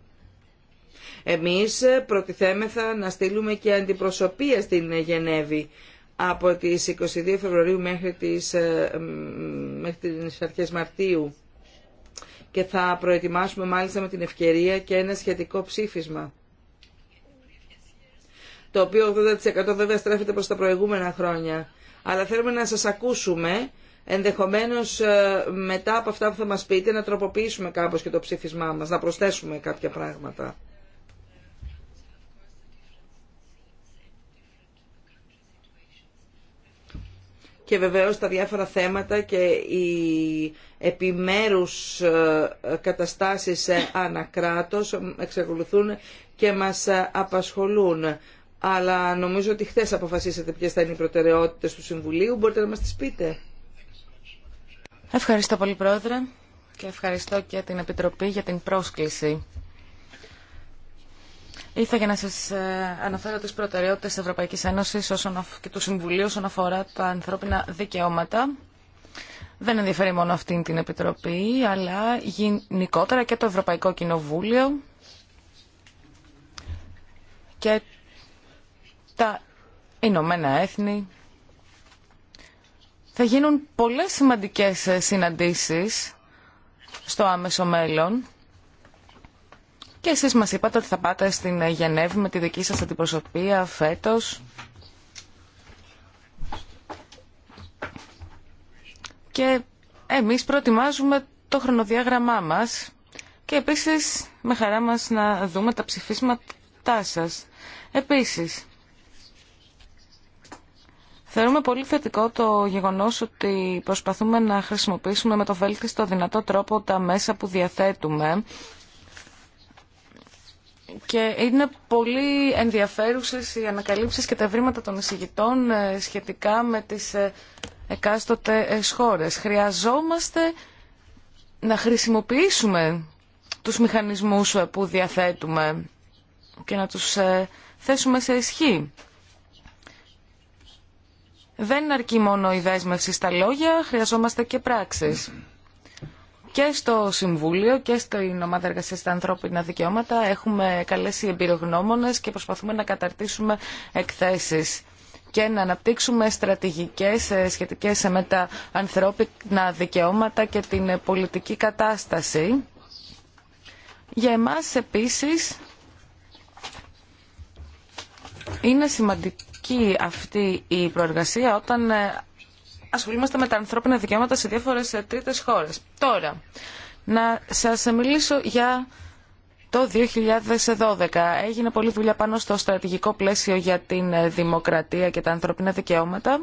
εμείς προτιθέμεθα να στείλουμε και αντιπροσωπεία στην Γενέβη από τις 22 Φεβρουαρίου μέχρι τις, ε, μέχρι τις αρχές Μαρτίου και θα προετοιμάσουμε μάλιστα με την ευκαιρία και ένα σχετικό ψήφισμα το οποίο 80% βέβαια στρέφεται προς τα προηγούμενα χρόνια. Αλλά θέλουμε να σας ακούσουμε, ενδεχομένως ε, μετά από αυτά που θα μας πείτε, να τροποποιήσουμε κάπως και το ψήφισμά μας, να προσθέσουμε κάποια πράγματα. και βεβαίως τα διάφορα θέματα και οι επιμέρους ε, καταστάσεις ανακράτος εξακολουθούν και μας ε, απασχολούν. Αλλά νομίζω ότι χθες αποφασίσατε ποιες θα είναι οι προτεραιότητες του Συμβουλίου. Μπορείτε να μας τις πείτε. Ευχαριστώ πολύ Πρόεδρε και ευχαριστώ και την Επιτροπή για την πρόσκληση Ήρθα για να σα ε, αναφέρω τι προτεραιότητε της Ευρωπαϊκής Ένωσης και του Συμβουλίου όσον αφορά τα ανθρώπινα δικαιώματα. Δεν ενδιαφέρει μόνο αυτή την Επιτροπή, αλλά γενικότερα και το Ευρωπαϊκό Κοινοβούλιο και τα Ηνωμένα Έθνη. Θα γίνουν πολλές σημαντικές ε, συναντήσεις στο άμεσο μέλλον και εσείς μας είπατε ότι θα πάτε στην Γενέβη με τη δική σας αντιπροσωπεία φέτος. Και εμείς προετοιμάζουμε το χρονοδιάγραμμά μας και επίσης με χαρά μας να δούμε τα ψηφίσματά σας. Επίσης, θεωρούμε πολύ θετικό το γεγονός ότι προσπαθούμε να χρησιμοποιήσουμε με το βέλτιστο δυνατό τρόπο τα μέσα που διαθέτουμε και είναι πολύ ενδιαφέρουσες οι ανακαλύψεις και τα βρήματα των εισηγητών ε, σχετικά με τις ε, εκάστοτε ε, χώρες. Χρειαζόμαστε να χρησιμοποιήσουμε τους μηχανισμούς που διαθέτουμε και να τους θέσουμε σε ισχύ. Δεν αρκεί μόνο η δέσμευση στα λόγια, χρειαζόμαστε και πράξεις. Και στο Συμβούλιο και στην Ομάδα εργασία στα Ανθρώπινα Δικαιώματα έχουμε καλέσει εμπειρογνώμονε και προσπαθούμε να καταρτήσουμε εκθέσεις και να αναπτύξουμε στρατηγικές ε, σχετικέ με τα ανθρώπινα δικαιώματα και την πολιτική κατάσταση. Για εμάς επίσης είναι σημαντική αυτή η προεργασία όταν ε, ασχολούμαστε με τα ανθρώπινα δικαιώματα σε διάφορες ε, τρίτε χώρες. Τώρα, να σα μιλήσω για το 2012. Έγινε πολλή δουλειά πάνω στο στρατηγικό πλαίσιο για την ε, δημοκρατία και τα ανθρώπινα δικαιώματα.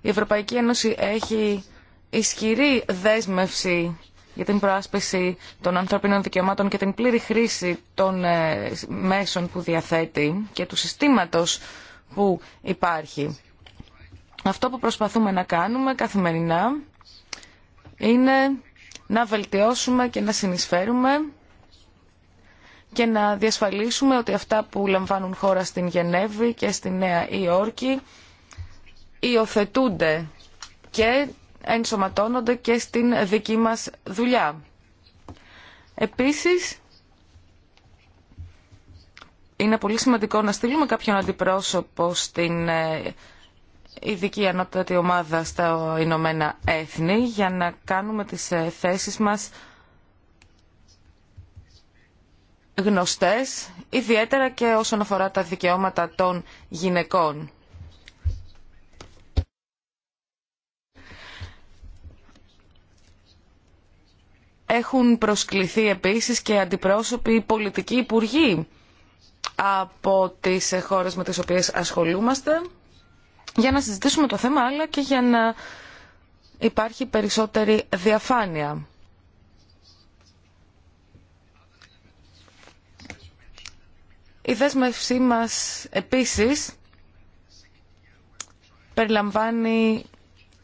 Η Ευρωπαϊκή Ένωση έχει ισχυρή δέσμευση για την προάσπιση των ανθρωπίνων δικαιωμάτων και την πλήρη χρήση των ε, μέσων που διαθέτει και του συστήματος που υπάρχει. Αυτό που προσπαθούμε να κάνουμε καθημερινά είναι να βελτιώσουμε και να συνεισφέρουμε και να διασφαλίσουμε ότι αυτά που λαμβάνουν χώρα στην Γενέβη και στη Νέα Υόρκη υιοθετούνται και ενσωματώνονται και στην δική μας δουλειά. Επίσης, είναι πολύ σημαντικό να στείλουμε κάποιον αντιπρόσωπο στην ε, ειδική ανώτατη ομάδα στα Ηνωμένα Έθνη για να κάνουμε τις ε, θέσεις μας γνωστές, ιδιαίτερα και όσον αφορά τα δικαιώματα των γυναικών. Έχουν προσκληθεί επίσης και αντιπρόσωποι πολιτικοί υπουργοί από τις χώρες με τις οποίες ασχολούμαστε για να συζητήσουμε το θέμα αλλά και για να υπάρχει περισσότερη διαφάνεια. Η δέσμευσή μας επίσης περιλαμβάνει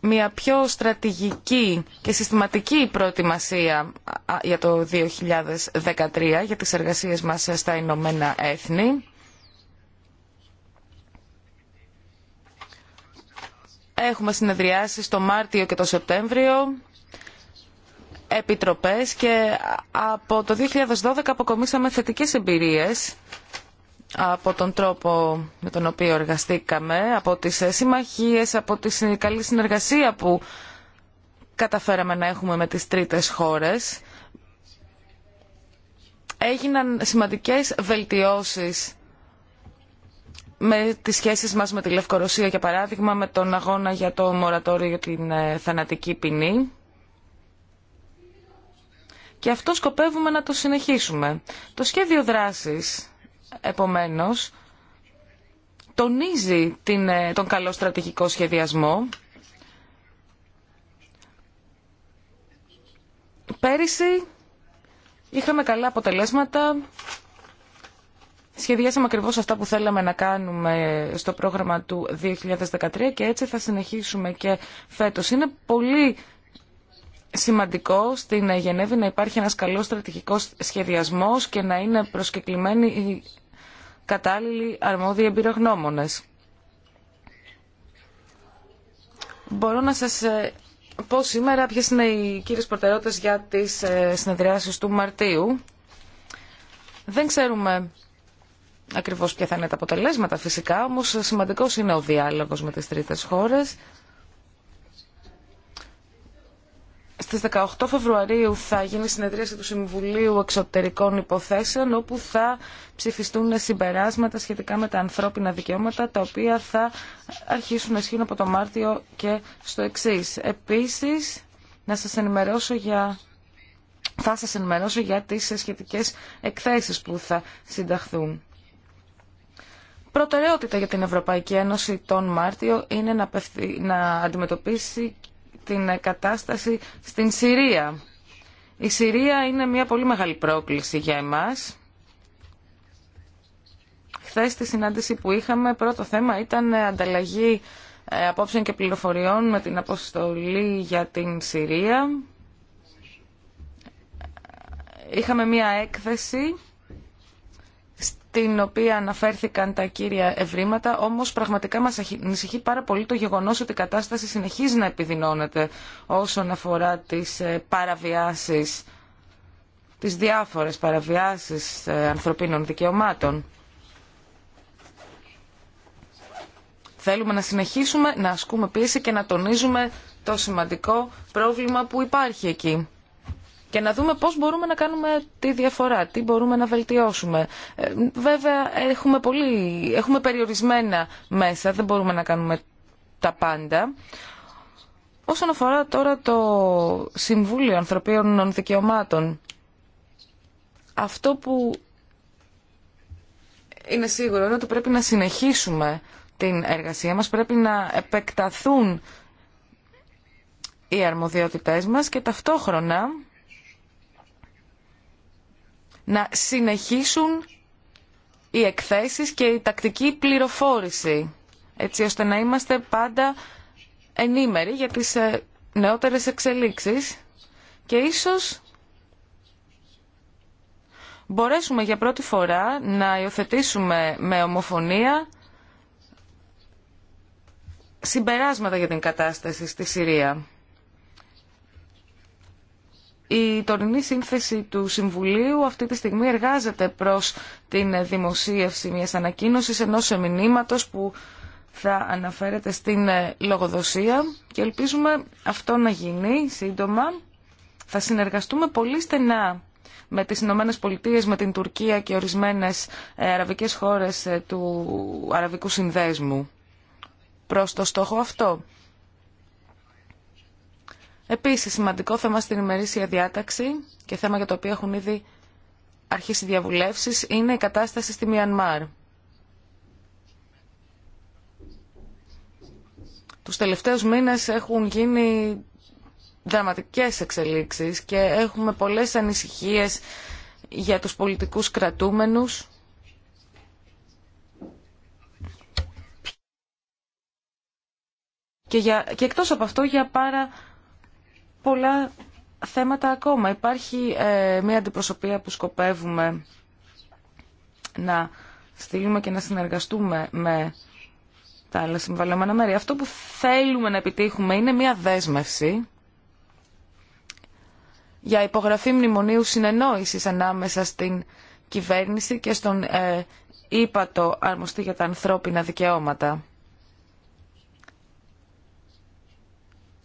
μια πιο στρατηγική και συστηματική προετοιμασία για το 2013 για τις εργασίες μας στα Ηνωμένα Έθνη. Έχουμε συνεδριάσεις το Μάρτιο και το Σεπτέμβριο, επιτροπές και από το 2012 αποκομίσαμε θετικές εμπειρίες από τον τρόπο με τον οποίο εργαστήκαμε, από τις συμμαχίες, από τη καλή συνεργασία που καταφέραμε να έχουμε με τις τρίτες χώρες. Έγιναν σημαντικές βελτιώσεις με τις σχέσεις μας με τη Λευκορωσία, για παράδειγμα, με τον αγώνα για το μορατόριο για την ε, θανατική ποινή. Και αυτό σκοπεύουμε να το συνεχίσουμε. Το σχέδιο δράσης, επομένως, τονίζει την, ε, τον καλό στρατηγικό σχεδιασμό. Πέρυσι είχαμε καλά αποτελέσματα Σχεδιάσαμε ακριβώς αυτά που θέλαμε να κάνουμε στο πρόγραμμα του 2013 και έτσι θα συνεχίσουμε και φέτος. Είναι πολύ σημαντικό στην Γενέβη να υπάρχει ένας καλός στρατηγικός σχεδιασμός και να είναι προσκεκλημένοι οι κατάλληλοι αρμόδιοι εμπειρογνώμονες. Μπορώ να σας ε, πω σήμερα ποιες είναι οι κύριες προτεραιότητες για τις ε, συνεδριάσεις του Μαρτίου. Δεν ξέρουμε ακριβώς ποια θα είναι τα αποτελέσματα φυσικά, όμως σημαντικό είναι ο διάλογος με τι τρίτε χώρε. Στις 18 Φεβρουαρίου θα γίνει η συνεδρίαση του Συμβουλίου Εξωτερικών Υποθέσεων όπου θα ψηφιστούν συμπεράσματα σχετικά με τα ανθρώπινα δικαιώματα τα οποία θα αρχίσουν να ισχύουν από το Μάρτιο και στο εξή. Επίση, να σα ενημερώσω για... θα σας ενημερώσω για τις σχετικές εκθέσεις που θα συνταχθούν. Προτεραιότητα για την Ευρωπαϊκή Ένωση τον Μάρτιο είναι να, αντιμετωπίσει την κατάσταση στην Συρία. Η Συρία είναι μια πολύ μεγάλη πρόκληση για εμάς. Χθε στη συνάντηση που είχαμε πρώτο θέμα ήταν ανταλλαγή ε, απόψεων και πληροφοριών με την αποστολή για την Συρία. Είχαμε μια έκθεση την οποία αναφέρθηκαν τα κύρια ευρήματα, όμως πραγματικά μας ανησυχεί πάρα πολύ το γεγονός ότι η κατάσταση συνεχίζει να επιδεινώνεται όσον αφορά τις ε, παραβιάσεις, τις διάφορες παραβιάσεις ε, ανθρωπίνων δικαιωμάτων. Θέλουμε να συνεχίσουμε να ασκούμε πίεση και να τονίζουμε το σημαντικό πρόβλημα που υπάρχει εκεί και να δούμε πώς μπορούμε να κάνουμε τη διαφορά, τι μπορούμε να βελτιώσουμε. Ε, βέβαια, έχουμε, πολύ, έχουμε περιορισμένα μέσα, δεν μπορούμε να κάνουμε τα πάντα. Όσον αφορά τώρα το Συμβούλιο Ανθρωπίων Δικαιωμάτων, αυτό που είναι σίγουρο είναι ότι πρέπει να συνεχίσουμε την εργασία μας, πρέπει να επεκταθούν οι αρμοδιότητές μας και ταυτόχρονα να συνεχίσουν οι εκθέσεις και η τακτική πληροφόρηση, έτσι ώστε να είμαστε πάντα ενήμεροι για τις ε, νεότερες εξελίξεις και ίσως μπορέσουμε για πρώτη φορά να υιοθετήσουμε με ομοφωνία συμπεράσματα για την κατάσταση στη Συρία. Η τωρινή σύνθεση του Συμβουλίου αυτή τη στιγμή εργάζεται προς την δημοσίευση μιας ανακοίνωσης ενός μηνύματος που θα αναφέρεται στην ε, λογοδοσία και ελπίζουμε αυτό να γίνει σύντομα. Θα συνεργαστούμε πολύ στενά με τις Ηνωμένες Πολιτείες, με την Τουρκία και ορισμένες ε, αραβικές χώρες ε, του Αραβικού Συνδέσμου προς το στόχο αυτό. Επίση, σημαντικό θέμα στην ημερήσια διάταξη και θέμα για το οποίο έχουν ήδη αρχίσει διαβουλεύσει είναι η κατάσταση στη Μιανμάρ. Τους τελευταίους μήνες έχουν γίνει δραματικές εξελίξεις και έχουμε πολλές ανησυχίες για τους πολιτικούς κρατούμενους. Και, για, και εκτός από αυτό για πάρα πολλά θέματα ακόμα. Υπάρχει ε, μια αντιπροσωπεία που σκοπεύουμε να στείλουμε και να συνεργαστούμε με τα άλλα συμβαλλόμενα μέρη. Αυτό που θέλουμε να επιτύχουμε είναι μια δέσμευση για υπογραφή μνημονίου συνεννόησης ανάμεσα στην κυβέρνηση και στον ε, ύπατο αρμοστή για τα ανθρώπινα δικαιώματα.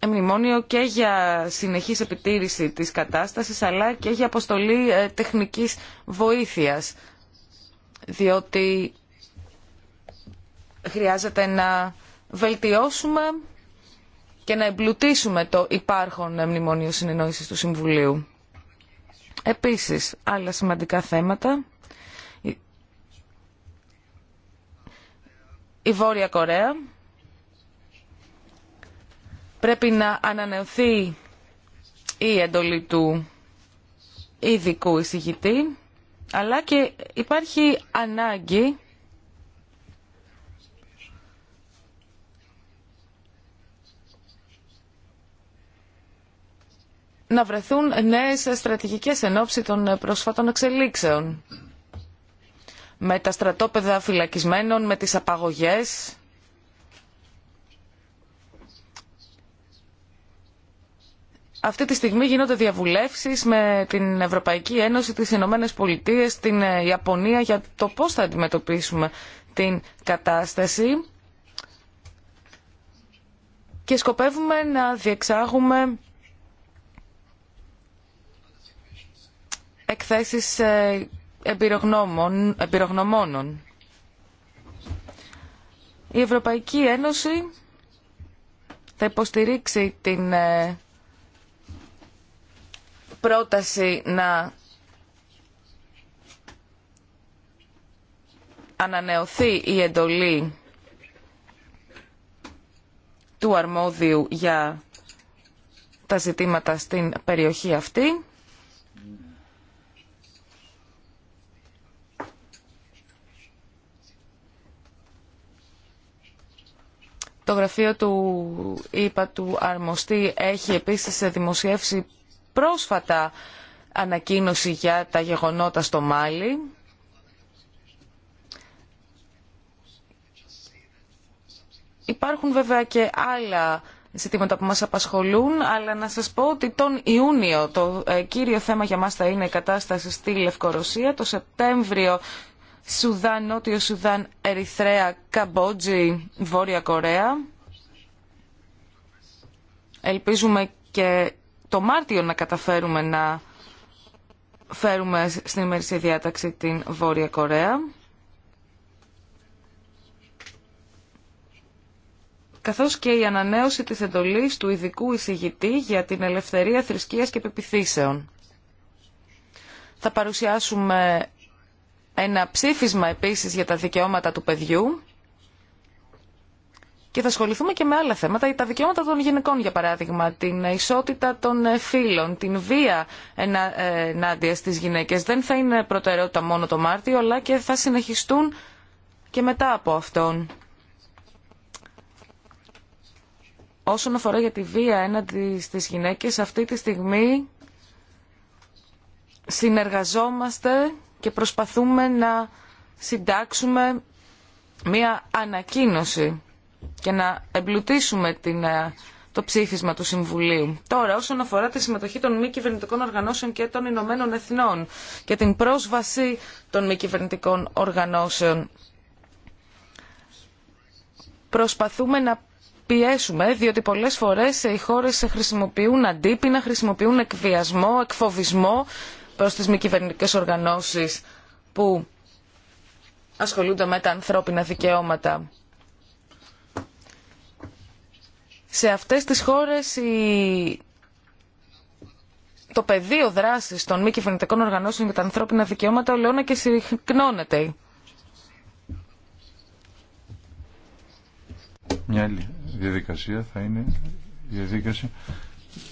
μνημόνιο και για συνεχής επιτήρηση της κατάστασης αλλά και για αποστολή ε, τεχνικής βοήθειας διότι χρειάζεται να βελτιώσουμε και να εμπλουτίσουμε το υπάρχον μνημόνιο συνεννόησης του Συμβουλίου. Επίσης, άλλα σημαντικά θέματα. Η Βόρεια Κορέα πρέπει να ανανεωθεί η εντολή του ειδικού εισηγητή, αλλά και υπάρχει ανάγκη να βρεθούν νέες στρατηγικές ενόψει των πρόσφατων εξελίξεων. Με τα στρατόπεδα φυλακισμένων, με τις απαγωγές, Αυτή τη στιγμή γίνονται διαβουλεύσεις με την Ευρωπαϊκή Ένωση, τις Ηνωμένε Πολιτείες, την ε, Ιαπωνία για το πώς θα αντιμετωπίσουμε την κατάσταση και σκοπεύουμε να διεξάγουμε εκθέσεις ε, εμπειρογνωμόνων. Η Ευρωπαϊκή Ένωση θα υποστηρίξει την ε, πρόταση να ανανεωθεί η εντολή του αρμόδιου για τα ζητήματα στην περιοχή αυτή. Το γραφείο του ΙΠΑ του Αρμοστή έχει επίσης δημοσιεύσει πρόσφατα ανακοίνωση για τα γεγονότα στο Μάλι. Υπάρχουν βέβαια και άλλα ζητήματα που μας απασχολούν, αλλά να σας πω ότι τον Ιούνιο το ε, κύριο θέμα για μας θα είναι η κατάσταση στη Λευκορωσία, το Σεπτέμβριο Σουδάν, Νότιο Σουδάν, Ερυθρέα, Καμπότζη, Βόρεια Κορέα. Ελπίζουμε και το Μάρτιο να καταφέρουμε να φέρουμε στην ημερήσια διάταξη την Βόρεια Κορέα. καθώς και η ανανέωση της εντολής του ειδικού εισηγητή για την ελευθερία θρησκείας και πεπιθήσεων. Θα παρουσιάσουμε ένα ψήφισμα επίσης για τα δικαιώματα του παιδιού και θα ασχοληθούμε και με άλλα θέματα, τα δικαιώματα των γυναικών για παράδειγμα, την ισότητα των ε, φύλων, την βία ε, ενάντια στις γυναίκες. Δεν θα είναι προτεραιότητα μόνο το Μάρτιο, αλλά και θα συνεχιστούν και μετά από αυτόν. Όσον αφορά για τη βία ενάντια στις γυναίκες, αυτή τη στιγμή συνεργαζόμαστε και προσπαθούμε να συντάξουμε μία ανακοίνωση και να εμπλουτίσουμε την, ε, το ψήφισμα του Συμβουλίου. Τώρα, όσον αφορά τη συμμετοχή των μη κυβερνητικών οργανώσεων και των Ηνωμένων Εθνών και την πρόσβαση των μη κυβερνητικών οργανώσεων, προσπαθούμε να πιέσουμε, διότι πολλές φορές οι χώρες χρησιμοποιούν αντίπεινα, χρησιμοποιούν εκβιασμό, εκφοβισμό προς τις μη κυβερνητικές οργανώσεις που ασχολούνται με τα ανθρώπινα δικαιώματα. Σε αυτές τις χώρες η... το πεδίο δράσης των μη κυβερνητικών οργανώσεων για τα ανθρώπινα δικαιώματα ολαιόνα και συγκνώνεται. Μια άλλη διαδικασία θα είναι η διαδικασία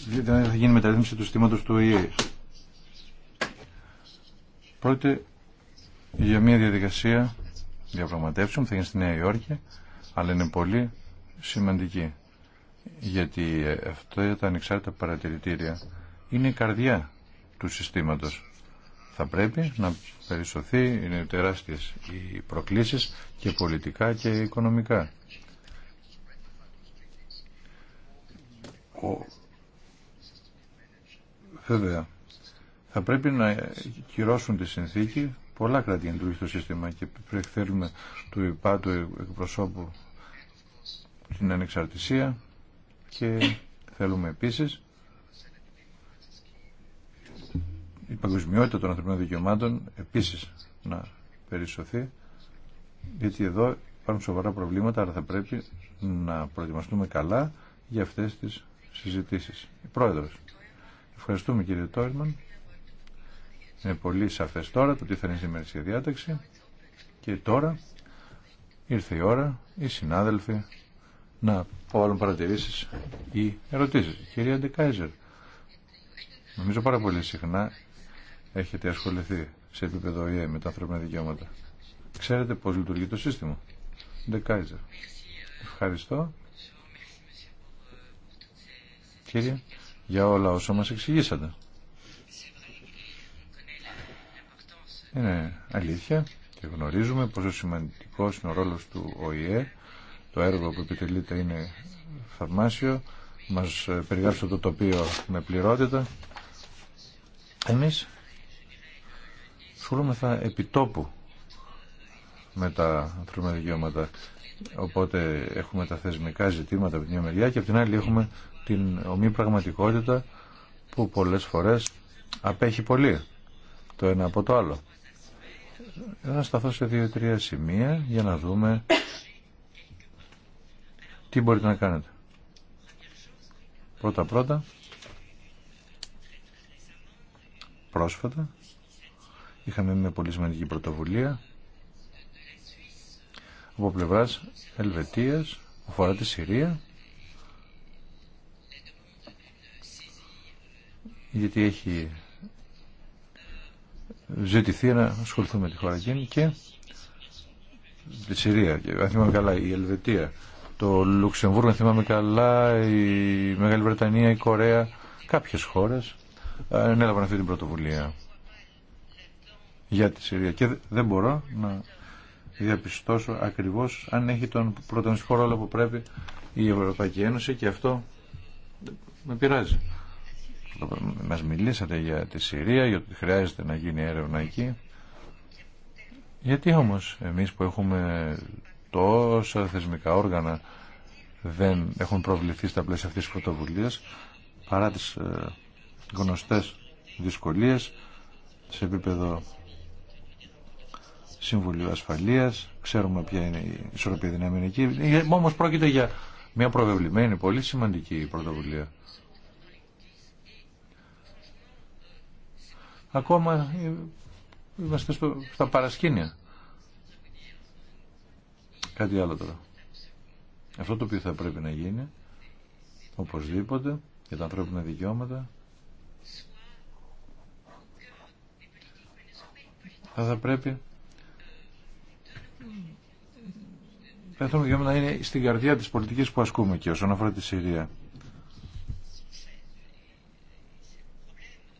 δηλαδή θα γίνει μεταρρύθμιση του στήματος του ΟΗΕ. Πρώτη για μια διαδικασία διαπραγματεύσεων θα γίνει στη Νέα Υόρκη, αλλά είναι πολύ σημαντική γιατί για τα ανεξάρτητα παρατηρητήρια είναι η καρδιά του συστήματος. Θα πρέπει να περισσοθεί, είναι τεράστιες οι προκλήσεις και πολιτικά και οικονομικά. Ο... Βέβαια, θα πρέπει να κυρώσουν τη συνθήκη πολλά κράτη για να το σύστημα και πρέπει θέλουμε του υπάτου εκπροσώπου την ανεξαρτησία και θέλουμε επίσης η παγκοσμιότητα των ανθρωπινών δικαιωμάτων επίσης να περισσοθεί γιατί εδώ υπάρχουν σοβαρά προβλήματα αλλά θα πρέπει να προετοιμαστούμε καλά για αυτές τις συζητήσεις. Πρόεδρος, ευχαριστούμε κύριε Τόρμαν. Είναι πολύ σαφές τώρα το τι θα είναι σήμερα στη διάταξη και τώρα ήρθε η ώρα οι συνάδελφοι να άλλων παρατηρήσεις ή ερωτήσεις. Κυρία Ντεκάιζερ, νομίζω πάρα πολύ συχνά έχετε ασχοληθεί σε επίπεδο ΟΗΕ με τα ανθρώπινα δικαιώματα. Ξέρετε πώς λειτουργεί το σύστημα. Ντεκάιζερ. Ευχαριστώ. Κύριε, για όλα όσα μας εξηγήσατε. Είναι αλήθεια και γνωρίζουμε πόσο σημαντικός είναι ο ρόλος του ΟΗΕ το έργο που επιτελείται είναι θαυμάσιο. Μας περιγράψετε το τοπίο με πληρότητα. Εμείς θα επιτόπου με τα ανθρώπινα δικαιώματα. Οπότε έχουμε τα θεσμικά ζητήματα από την μια μεριά και από την άλλη έχουμε την ομή πραγματικότητα που πολλές φορές απέχει πολύ το ένα από το άλλο. Θα σταθώ σε δύο-τρία σημεία για να δούμε τι μπορείτε να κάνετε. Πρώτα πρώτα, πρόσφατα, είχαμε μια πολύ σημαντική πρωτοβουλία από πλευράς Ελβετίας, αφορά τη Συρία, γιατί έχει ζητηθεί να ασχοληθούμε με τη χώρα εκείνη και τη Συρία. Αν θυμάμαι καλά, η Ελβετία το Λουξεμβούργο, αν θυμάμαι καλά, η Μεγάλη Βρετανία, η Κορέα, κάποιες χώρες ενέλαβαν αυτή την πρωτοβουλία για τη Συρία. Και δεν μπορώ να διαπιστώσω ακριβώς αν έχει τον πρωτονιστικό ρόλο που πρέπει η Ευρωπαϊκή Ένωση και αυτό με πειράζει. Μας μιλήσατε για τη Συρία, για ότι χρειάζεται να γίνει έρευνα εκεί. Γιατί όμως εμείς που έχουμε τόσα θεσμικά όργανα δεν έχουν προβληθεί στα πλαίσια αυτής της πρωτοβουλίας παρά τις ε, γνωστές δυσκολίες σε επίπεδο Συμβουλίου Ασφαλείας ξέρουμε ποια είναι η ισορροπία δυναμική ε, όμως πρόκειται για μια προβεβλημένη πολύ σημαντική πρωτοβουλία ακόμα ε, είμαστε στα παρασκήνια Κάτι άλλο τώρα. Αυτό το οποίο θα πρέπει να γίνει, οπωσδήποτε, για τα ανθρώπινα δικαιώματα, θα, θα πρέπει τα ανθρώπινα δικαιώματα να είναι στην καρδιά της πολιτικής που ασκούμε και όσον αφορά τη Συρία.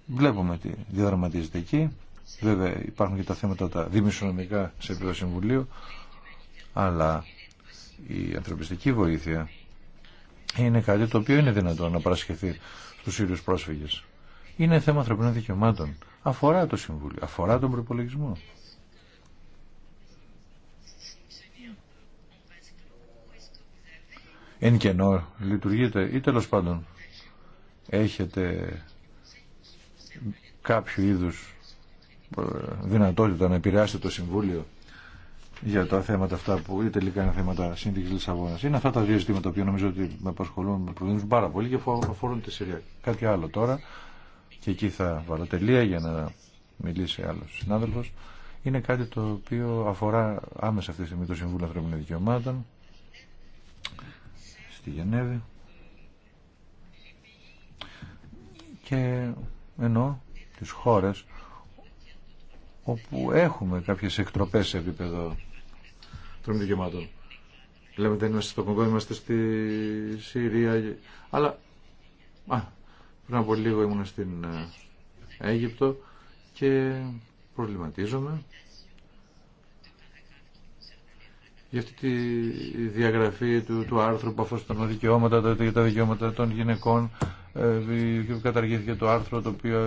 Βλέπουμε τι διαδραματίζεται εκεί. Βέβαια υπάρχουν και τα θέματα τα δημισιονομικά σε επίπεδο συμβουλίου αλλά η ανθρωπιστική βοήθεια είναι κάτι το οποίο είναι δυνατόν να παρασχεθεί στους ίδιους πρόσφυγες. Είναι θέμα ανθρωπινών δικαιωμάτων. Αφορά το Συμβούλιο, αφορά τον προπολογισμό. Εν κενό λειτουργείτε ή τέλο πάντων έχετε κάποιο είδους ε, δυνατότητα να επηρεάσετε το Συμβούλιο για τα θέματα αυτά που τελικά είναι θέματα σύνδεξη Λισαβόνα. Είναι αυτά τα δύο ζητήματα που νομίζω ότι με απασχολούν, με πάρα πολύ και αφορούν τη Συρία. Κάτι άλλο τώρα, και εκεί θα βάλω τελεία για να μιλήσει άλλο συνάδελφο, είναι κάτι το οποίο αφορά άμεσα αυτή τη στιγμή το Συμβούλιο Ανθρωπίνων Δικαιωμάτων στη Γενέβη. Και ενώ τις χώρες όπου έχουμε κάποιες εκτροπές σε επίπεδο των δικαιωμάτων. Λέμε δεν είμαστε στο Κονγκό, είμαστε στη Συρία. Αλλά α, πριν από λίγο ήμουν στην ε, Αίγυπτο και προβληματίζομαι για αυτή τη διαγραφή του, του άρθρου που αφορούσε δικαιώματα, τα, τα δικαιώματα των γυναικών. Ε, καταργήθηκε το άρθρο το οποίο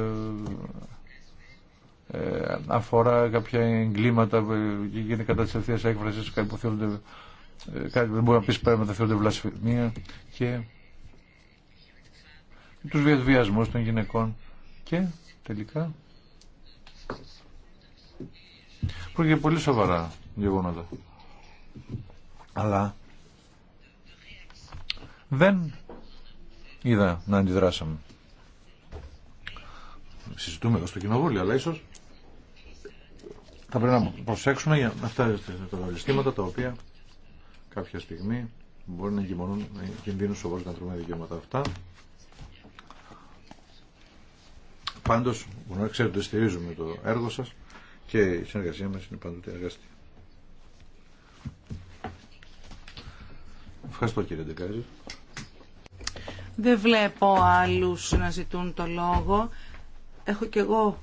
ε, αφορά κάποια εγκλήματα που γίνεται κατά τη ευθεία έκφραση, κάτι που θεωρούνται. Ε, κάτι που δεν μπορεί να πει πράγματα θεωρούνται βλασφημία και τους βιασμούς των γυναικών και τελικά πρόκειται πολύ σοβαρά γεγονότα αλλά δεν είδα να αντιδράσαμε συζητούμε εδώ στο κοινοβούλιο αλλά ίσως θα πρέπει να προσέξουμε για αυτά τα λογιστήματα τα οποία κάποια στιγμή μπορεί να εγκυμονούν κινδύνους σοβαρούς να τρώμε δικαιώματα αυτά. Πάντως, ξέρετε ότι στηρίζουμε το έργο σας και η συνεργασία μας είναι πάντοτε εργαστή. Ευχαριστώ κύριε Ντεκάζη. Δεν βλέπω άλλους να ζητούν το λόγο. Έχω κι εγώ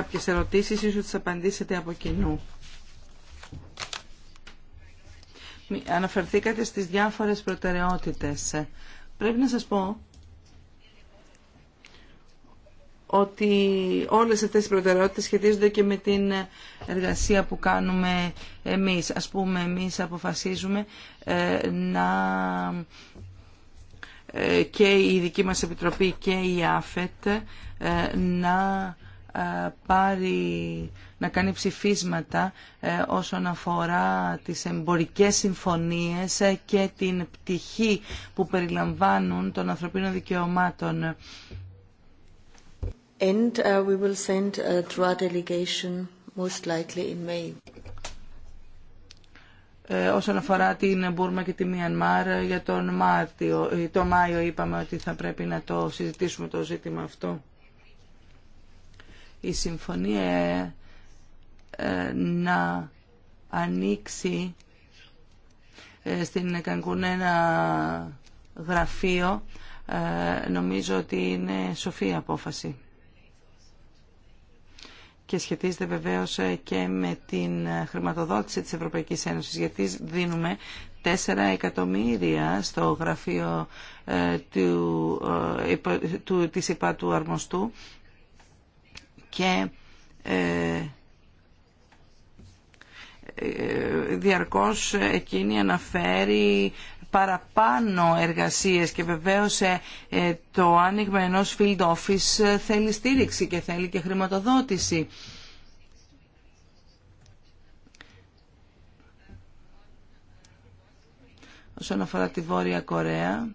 κάποιες ερωτήσεις, ίσως τις απαντήσετε από κοινού. Αναφερθήκατε στις διάφορες προτεραιότητες. Πρέπει να σας πω ότι όλες αυτές οι προτεραιότητες σχετίζονται και με την εργασία που κάνουμε εμείς. Ας πούμε, εμείς αποφασίζουμε ε, να ε, και η δική μας Επιτροπή και η ΑΦΕΤ ε, να ε, πάρει, να κάνει ψηφίσματα ε, όσον αφορά τις εμπορικές συμφωνίες ε, και την πτυχή που περιλαμβάνουν των ανθρωπίνων δικαιωμάτων. And uh, we will send delegation most likely in May. όσον αφορά την Μπούρμα και τη Μιανμάρ, για τον Μάρτιο, το Μάιο είπαμε ότι θα πρέπει να το συζητήσουμε το ζήτημα αυτό η συμφωνία ε, ε, να ανοίξει ε, στην Κανκούν ένα γραφείο νομίζω ότι είναι σοφή απόφαση και σχετίζεται βεβαίως και με την χρηματοδότηση της Ευρωπαϊκής Ένωσης γιατί δίνουμε 4 εκατομμύρια στο γραφείο του, του, της ΥΠΑ του Αρμοστού και ε, ε, διαρκώς εκείνη αναφέρει παραπάνω εργασίες και βεβαίως ε, το άνοιγμα ενός field office θέλει στήριξη και θέλει και χρηματοδότηση. Όσον αφορά τη Βόρεια Κορέα,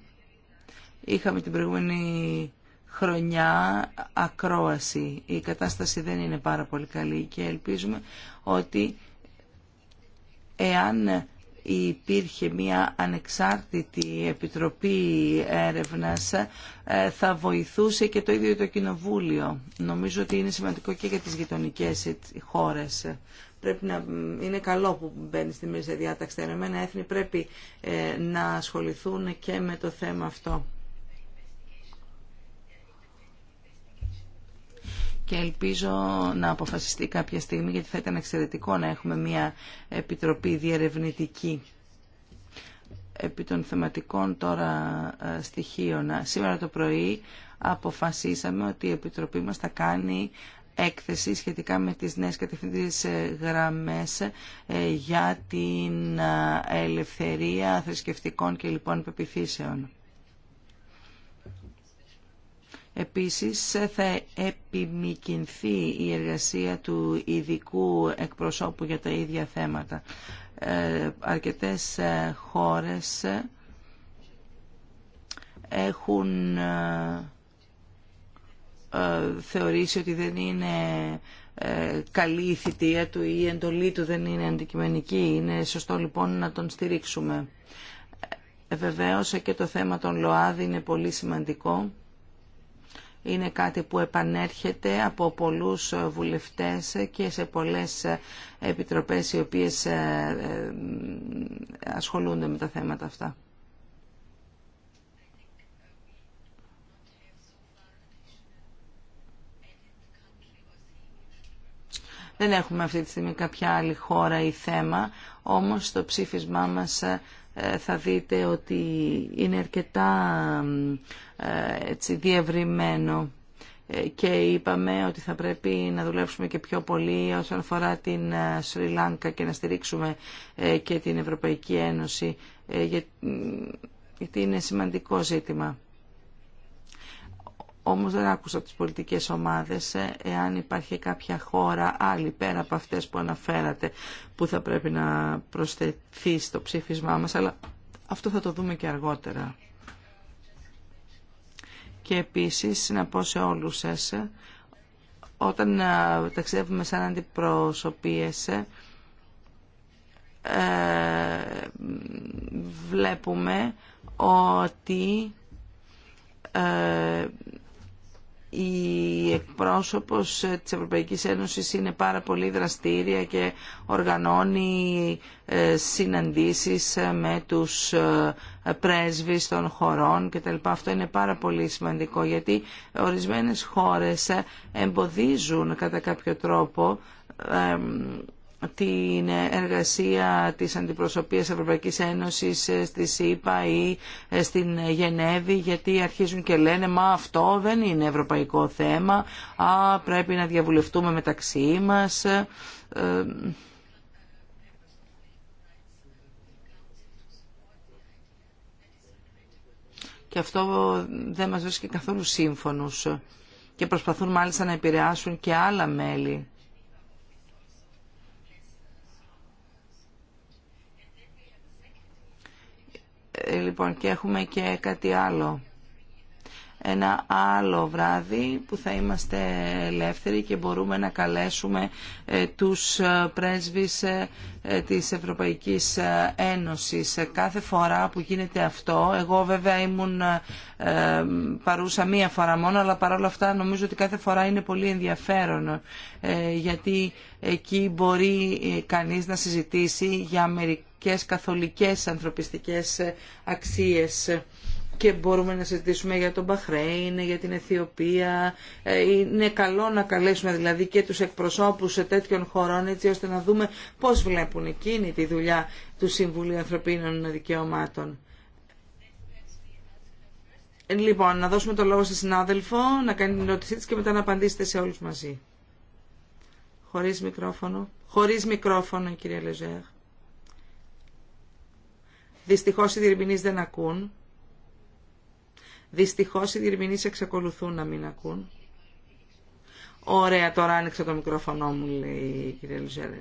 είχαμε την προηγούμενη χρονιά ακρόαση. Η κατάσταση δεν είναι πάρα πολύ καλή και ελπίζουμε ότι εάν υπήρχε μια ανεξάρτητη επιτροπή έρευνας ε, θα βοηθούσε και το ίδιο το Κοινοβούλιο. Νομίζω ότι είναι σημαντικό και για τις γειτονικές χώρες. Πρέπει είναι καλό που μπαίνει στη μέση διάταξη. Τα Ηνωμένα Έθνη πρέπει ε, να ασχοληθούν και με το θέμα αυτό. και ελπίζω να αποφασιστεί κάποια στιγμή γιατί θα ήταν εξαιρετικό να έχουμε μια επιτροπή διερευνητική επί των θεματικών τώρα ε, στοιχείων. Σήμερα το πρωί αποφασίσαμε ότι η Επιτροπή μας θα κάνει έκθεση σχετικά με τις νέες κατευθυντήριες ε, γραμμές ε, για την ελευθερία θρησκευτικών και λοιπόν πεπιθήσεων. Επίσης θα επιμηκυνθεί η εργασία του ειδικού εκπροσώπου για τα ίδια θέματα. Ε, αρκετές ε, χώρες έχουν ε, θεωρήσει ότι δεν είναι καλή η θητεία του ή η εντολή του δεν είναι αντικειμενική. Είναι σωστό λοιπόν να τον στηρίξουμε. Βεβαίως και το θέμα των ΛΟΑΔ είναι πολύ σημαντικό είναι κάτι που επανέρχεται από πολλούς βουλευτές και σε πολλές επιτροπές οι οποίες ε, ε, ασχολούνται με τα θέματα αυτά. Δεν έχουμε αυτή τη στιγμή κάποια άλλη χώρα ή θέμα, όμως το ψήφισμά μας ε, θα δείτε ότι είναι αρκετά ε, έτσι, διευρυμένο ε, και είπαμε ότι θα πρέπει να δουλέψουμε και πιο πολύ όσον αφορά την Σρι Λάνκα και να στηρίξουμε και την Ευρωπαϊκή Ένωση γιατί είναι σημαντικό ζήτημα. Όμως δεν άκουσα τις πολιτικές ομάδες ε, εάν υπάρχει κάποια χώρα άλλη πέρα από αυτές που αναφέρατε που θα πρέπει να προσθεθεί στο ψήφισμά μας, αλλά αυτό θα το δούμε και αργότερα. Και επίσης, να πω σε όλους σας, ε, όταν ε, ταξιδεύουμε σαν αντιπροσωπείες, ε, βλέπουμε ότι η εκπρόσωπος ε, της Ευρωπαϊκής Ένωσης είναι πάρα πολύ δραστήρια και οργανώνει ε, συναντήσεις ε, με τους πρέσβεις των χωρών κτλ. Αυτό είναι πάρα πολύ σημαντικό γιατί ορισμένες χώρες εμποδίζουν κατά κάποιο τρόπο την εργασία της Αντιπροσωπείας Ευρωπαϊκής Ένωσης ε, στη ΣΥΠΑ ή ε, στην Γενέβη γιατί αρχίζουν και λένε «Μα αυτό δεν είναι ευρωπαϊκό θέμα, α, πρέπει να διαβουλευτούμε μεταξύ μας». Ε, και αυτό δεν μας βρίσκει καθόλου σύμφωνους και προσπαθούν μάλιστα να επηρεάσουν και άλλα μέλη λοιπόν και έχουμε και κάτι άλλο ένα άλλο βράδυ που θα είμαστε ελεύθεροι και μπορούμε να καλέσουμε ε, τους ε, πρέσβεις ε, της Ευρωπαϊκής Ένωσης. Κάθε φορά που γίνεται αυτό, εγώ βέβαια ήμουν παρούσα μία φορά μόνο, αλλά παρόλα αυτά νομίζω ότι κάθε φορά είναι πολύ ενδιαφέρον, γιατί εκεί μπορεί κανείς να συζητήσει για μερικές καθολικές ανθρωπιστικές αξίες και μπορούμε να συζητήσουμε για τον Μπαχρέιν, για την Αιθιοπία. Ε, είναι καλό να καλέσουμε δηλαδή και τους εκπροσώπους σε τέτοιων χωρών έτσι ώστε να δούμε πώς βλέπουν εκείνη τη δουλειά του Συμβουλίου Ανθρωπίνων Δικαιωμάτων. Λοιπόν, να δώσουμε το λόγο στη συνάδελφο, να κάνει την ερώτησή της και μετά να απαντήσετε σε όλους μαζί. Χωρίς μικρόφωνο. Χωρίς μικρόφωνο, κυρία Λεζέρ. Δυστυχώς οι διερμηνείς δεν ακούν. Δυστυχώς οι διερμηνείς εξακολουθούν να μην ακούν. Ωραία, τώρα άνοιξε το μικρόφωνο μου, λέει η κυρία Λουζέρε.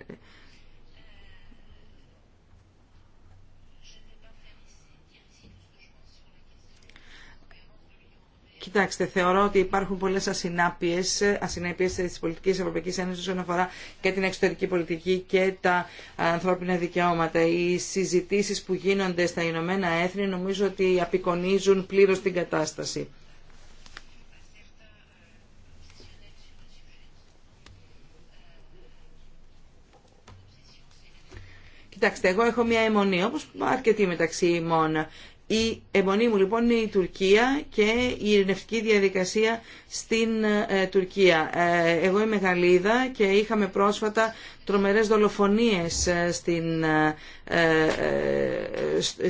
Κοιτάξτε, θεωρώ ότι υπάρχουν πολλές ασυνάπειες, ασυνέπειες της Ευρωπαϊκή Ευρωπαϊκής Ένωσης όσον αφορά και την εξωτερική πολιτική και τα ανθρώπινα δικαιώματα. Οι συζητήσεις που γίνονται στα Ηνωμένα Έθνη νομίζω ότι απεικονίζουν πλήρως την κατάσταση. Κοιτάξτε, εγώ έχω μια αιμονή, όπως αρκετή μεταξύ ημών. Η εμπονή μου λοιπόν είναι η Τουρκία και η ειρηνευτική διαδικασία στην ε, Τουρκία. Ε, εγώ είμαι Γαλλίδα και είχαμε πρόσφατα τρομερές δολοφονίες ε, στην,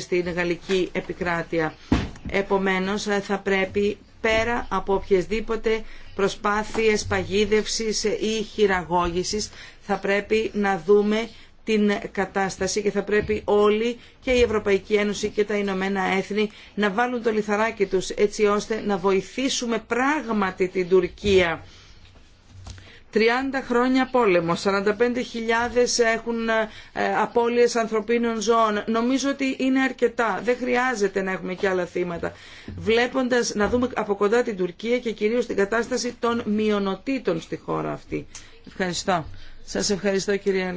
στην γαλλική επικράτεια. Επομένως θα πρέπει πέρα από οποιασδήποτε προσπάθειες παγίδευσης ή χειραγώγησης θα πρέπει να δούμε την κατάσταση και θα πρέπει όλοι και η Ευρωπαϊκή Ένωση και τα Ηνωμένα Έθνη να βάλουν το λιθαράκι τους έτσι ώστε να βοηθήσουμε πράγματι την Τουρκία. 30 χρόνια πόλεμο, 45.000 έχουν ε, απώλειες ανθρωπίνων ζώων. Νομίζω ότι είναι αρκετά. Δεν χρειάζεται να έχουμε και άλλα θύματα. Βλέποντας να δούμε από κοντά την Τουρκία και κυρίως την κατάσταση των μειονοτήτων στη χώρα αυτή. Ευχαριστώ. Σας ευχαριστώ κυρία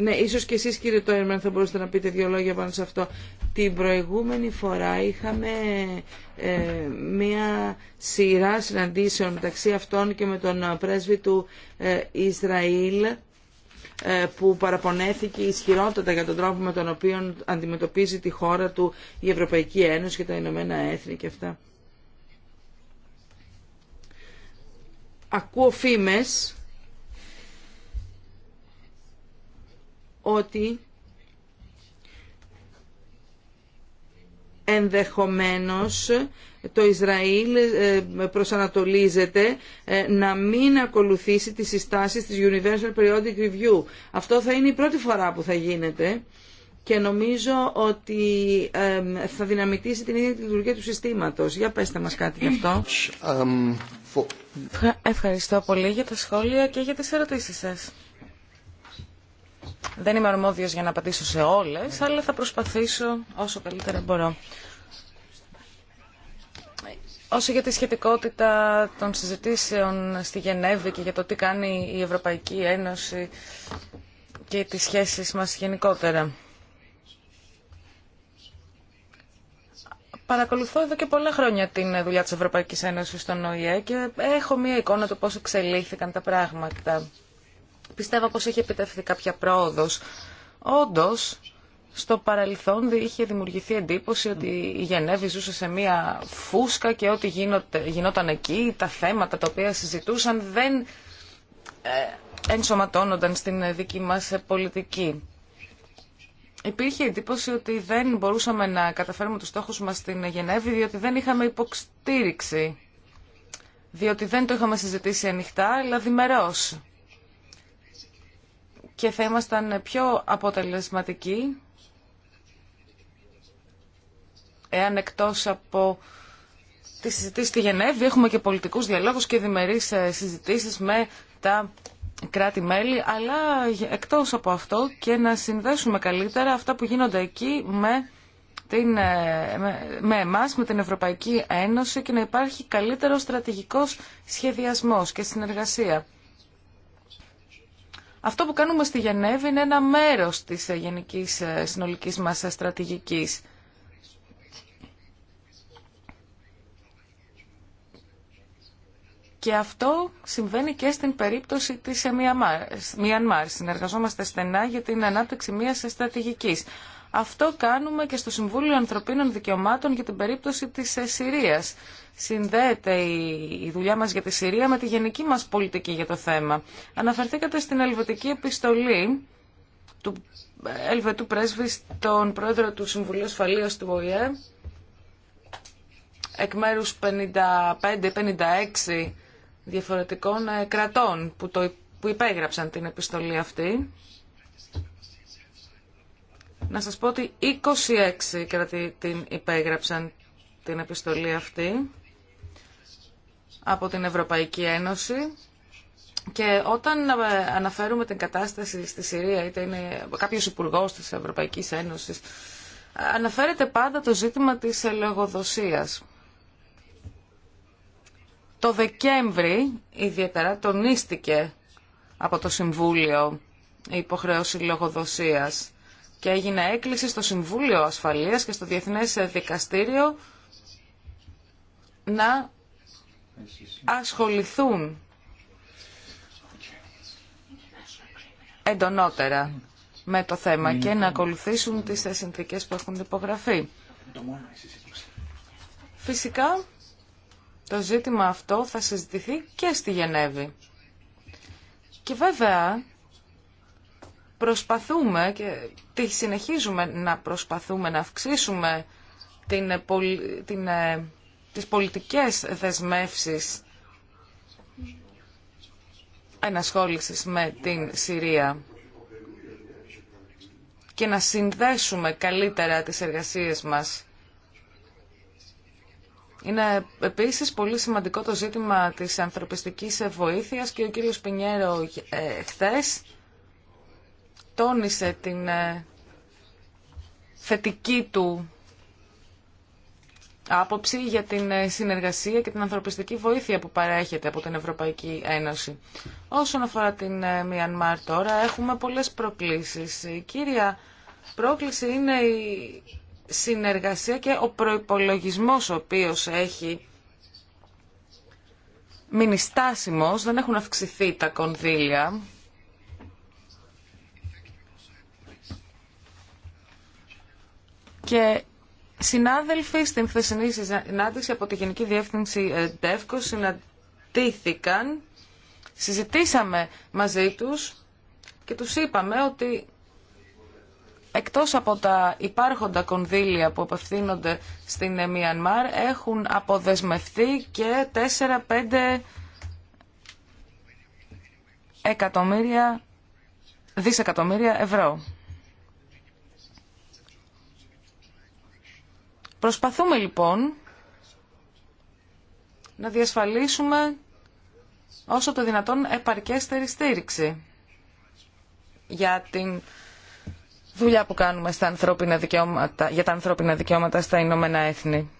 Ναι, ίσως και εσείς κύριε Τόιρμαν θα μπορούσατε να πείτε δύο λόγια πάνω σε αυτό. Την προηγούμενη φορά είχαμε ε, μία σειρά συναντήσεων μεταξύ αυτών και με τον ε, πρέσβη του ε, Ισραήλ που παραπονέθηκε ισχυρότατα για τον τρόπο με τον οποίο αντιμετωπίζει τη χώρα του η Ευρωπαϊκή Ένωση και τα Ηνωμένα Έθνη και αυτά. Ακούω φήμες ότι ενδεχομένως το Ισραήλ ε, προσανατολίζεται ε, να μην ακολουθήσει τις συστάσεις της Universal Periodic Review. Αυτό θα είναι η πρώτη φορά που θα γίνεται και νομίζω ότι θα δυναμητήσει την ίδια τη λειτουργία του συστήματος. Για πέστε μας κάτι γι' αυτό. Um, ευχαριστώ πολύ για τα σχόλια και για τις ερωτήσεις σας. Δεν είμαι αρμόδιος για να απαντήσω σε όλες, αλλά θα προσπαθήσω όσο καλύτερα μπορώ. Όσο για τη σχετικότητα των συζητήσεων στη Γενέβη και για το τι κάνει η Ευρωπαϊκή Ένωση και τις σχέσεις μας γενικότερα. Παρακολουθώ εδώ και πολλά χρόνια την δουλειά της Ευρωπαϊκής Ένωσης στον ΟΗΕ και έχω μία εικόνα του πώς εξελίχθηκαν τα πράγματα πιστεύω πως έχει επιτευχθεί κάποια πρόοδος. Όντως, στο παρελθόν είχε δημιουργηθεί εντύπωση ότι η Γενέβη ζούσε σε μία φούσκα και ό,τι γινόταν εκεί, τα θέματα τα οποία συζητούσαν δεν ε, ενσωματώνονταν στην ε, δική μας ε, πολιτική. Υπήρχε εντύπωση ότι δεν μπορούσαμε να καταφέρουμε τους στόχους μας στην Γενέβη διότι δεν είχαμε υποστήριξη, διότι δεν το είχαμε συζητήσει ανοιχτά αλλά διμερώς και θα ήμασταν πιο αποτελεσματικοί εάν εκτός από τις συζητήσεις στη Γενέβη έχουμε και πολιτικούς διαλόγους και διμερείς ε, συζητήσεις με τα κράτη-μέλη, αλλά εκτός από αυτό και να συνδέσουμε καλύτερα αυτά που γίνονται εκεί με, την, ε, με εμάς, με την Ευρωπαϊκή Ένωση και να υπάρχει καλύτερο στρατηγικός σχεδιασμός και συνεργασία. Αυτό που κάνουμε στη Γενέβη είναι ένα μέρος της γενικής ε, συνολικής μας στρατηγικής. Και αυτό συμβαίνει και στην περίπτωση της ε, ε, Μιανμάρ. Συνεργαζόμαστε στενά για την ανάπτυξη μιας στρατηγικής. Αυτό κάνουμε και στο Συμβούλιο Ανθρωπίνων Δικαιωμάτων για την περίπτωση της ε, Συρίας. Συνδέεται η δουλειά μας για τη Συρία με τη γενική μας πολιτική για το θέμα. Αναφερθήκατε στην ελβετική επιστολή του ε, Ελβετού πρέσβη στον πρόεδρο του Συμβουλίου Ασφαλείας του ΟΗΕ εκ μέρους 55-56 διαφορετικών ε, κρατών που, το, που υπέγραψαν την επιστολή αυτή. Να σας πω ότι 26 κρατή την υπέγραψαν την επιστολή αυτή από την Ευρωπαϊκή Ένωση και όταν ε, αναφέρουμε την κατάσταση στη Συρία, είτε είναι κάποιος υπουργό της Ευρωπαϊκής Ένωσης, αναφέρεται πάντα το ζήτημα της λογοδοσίας. Το Δεκέμβρη ιδιαίτερα τονίστηκε από το Συμβούλιο η υποχρέωση λογοδοσίας και έγινε έκκληση στο Συμβούλιο Ασφαλείας και στο Διεθνές Δικαστήριο να ασχοληθούν εντονότερα με το θέμα και να ακολουθήσουν τις συνθήκες που έχουν υπογραφεί. Φυσικά, το ζήτημα αυτό θα συζητηθεί και στη Γενέβη. Και βέβαια, προσπαθούμε και τη συνεχίζουμε να προσπαθούμε να αυξήσουμε την, την, ε, τις πολιτικές δεσμεύσεις ενασχόλησης με την Συρία και να συνδέσουμε καλύτερα τις εργασίες μας. Είναι επίσης πολύ σημαντικό το ζήτημα της ανθρωπιστικής βοήθειας και ο κύριος Πινιέρο ε, τόνισε την ε, θετική του άποψη για την ε, συνεργασία και την ανθρωπιστική βοήθεια που παρέχεται από την Ευρωπαϊκή Ένωση. Όσον αφορά την ε, Μιανμάρ τώρα, έχουμε πολλές προκλήσεις. Η κύρια πρόκληση είναι η συνεργασία και ο προϋπολογισμός ο οποίος έχει μείνει δεν έχουν αυξηθεί τα κονδύλια Και συνάδελφοι στην χθεσινή συνάντηση από τη Γενική Διεύθυνση ΔΕΦΚΟ συναντήθηκαν, συζητήσαμε μαζί τους και τους είπαμε ότι εκτός από τα υπάρχοντα κονδύλια που απευθύνονται στην ε, Μιανμάρ έχουν αποδεσμευτεί και 4-5 εκατομμύρια, δισεκατομμύρια ευρώ. Προσπαθούμε λοιπόν να διασφαλίσουμε όσο το δυνατόν επαρκέστερη στήριξη για την δουλειά που κάνουμε στα ανθρώπινα δικαιώματα, για τα ανθρώπινα δικαιώματα στα Ηνωμένα Έθνη.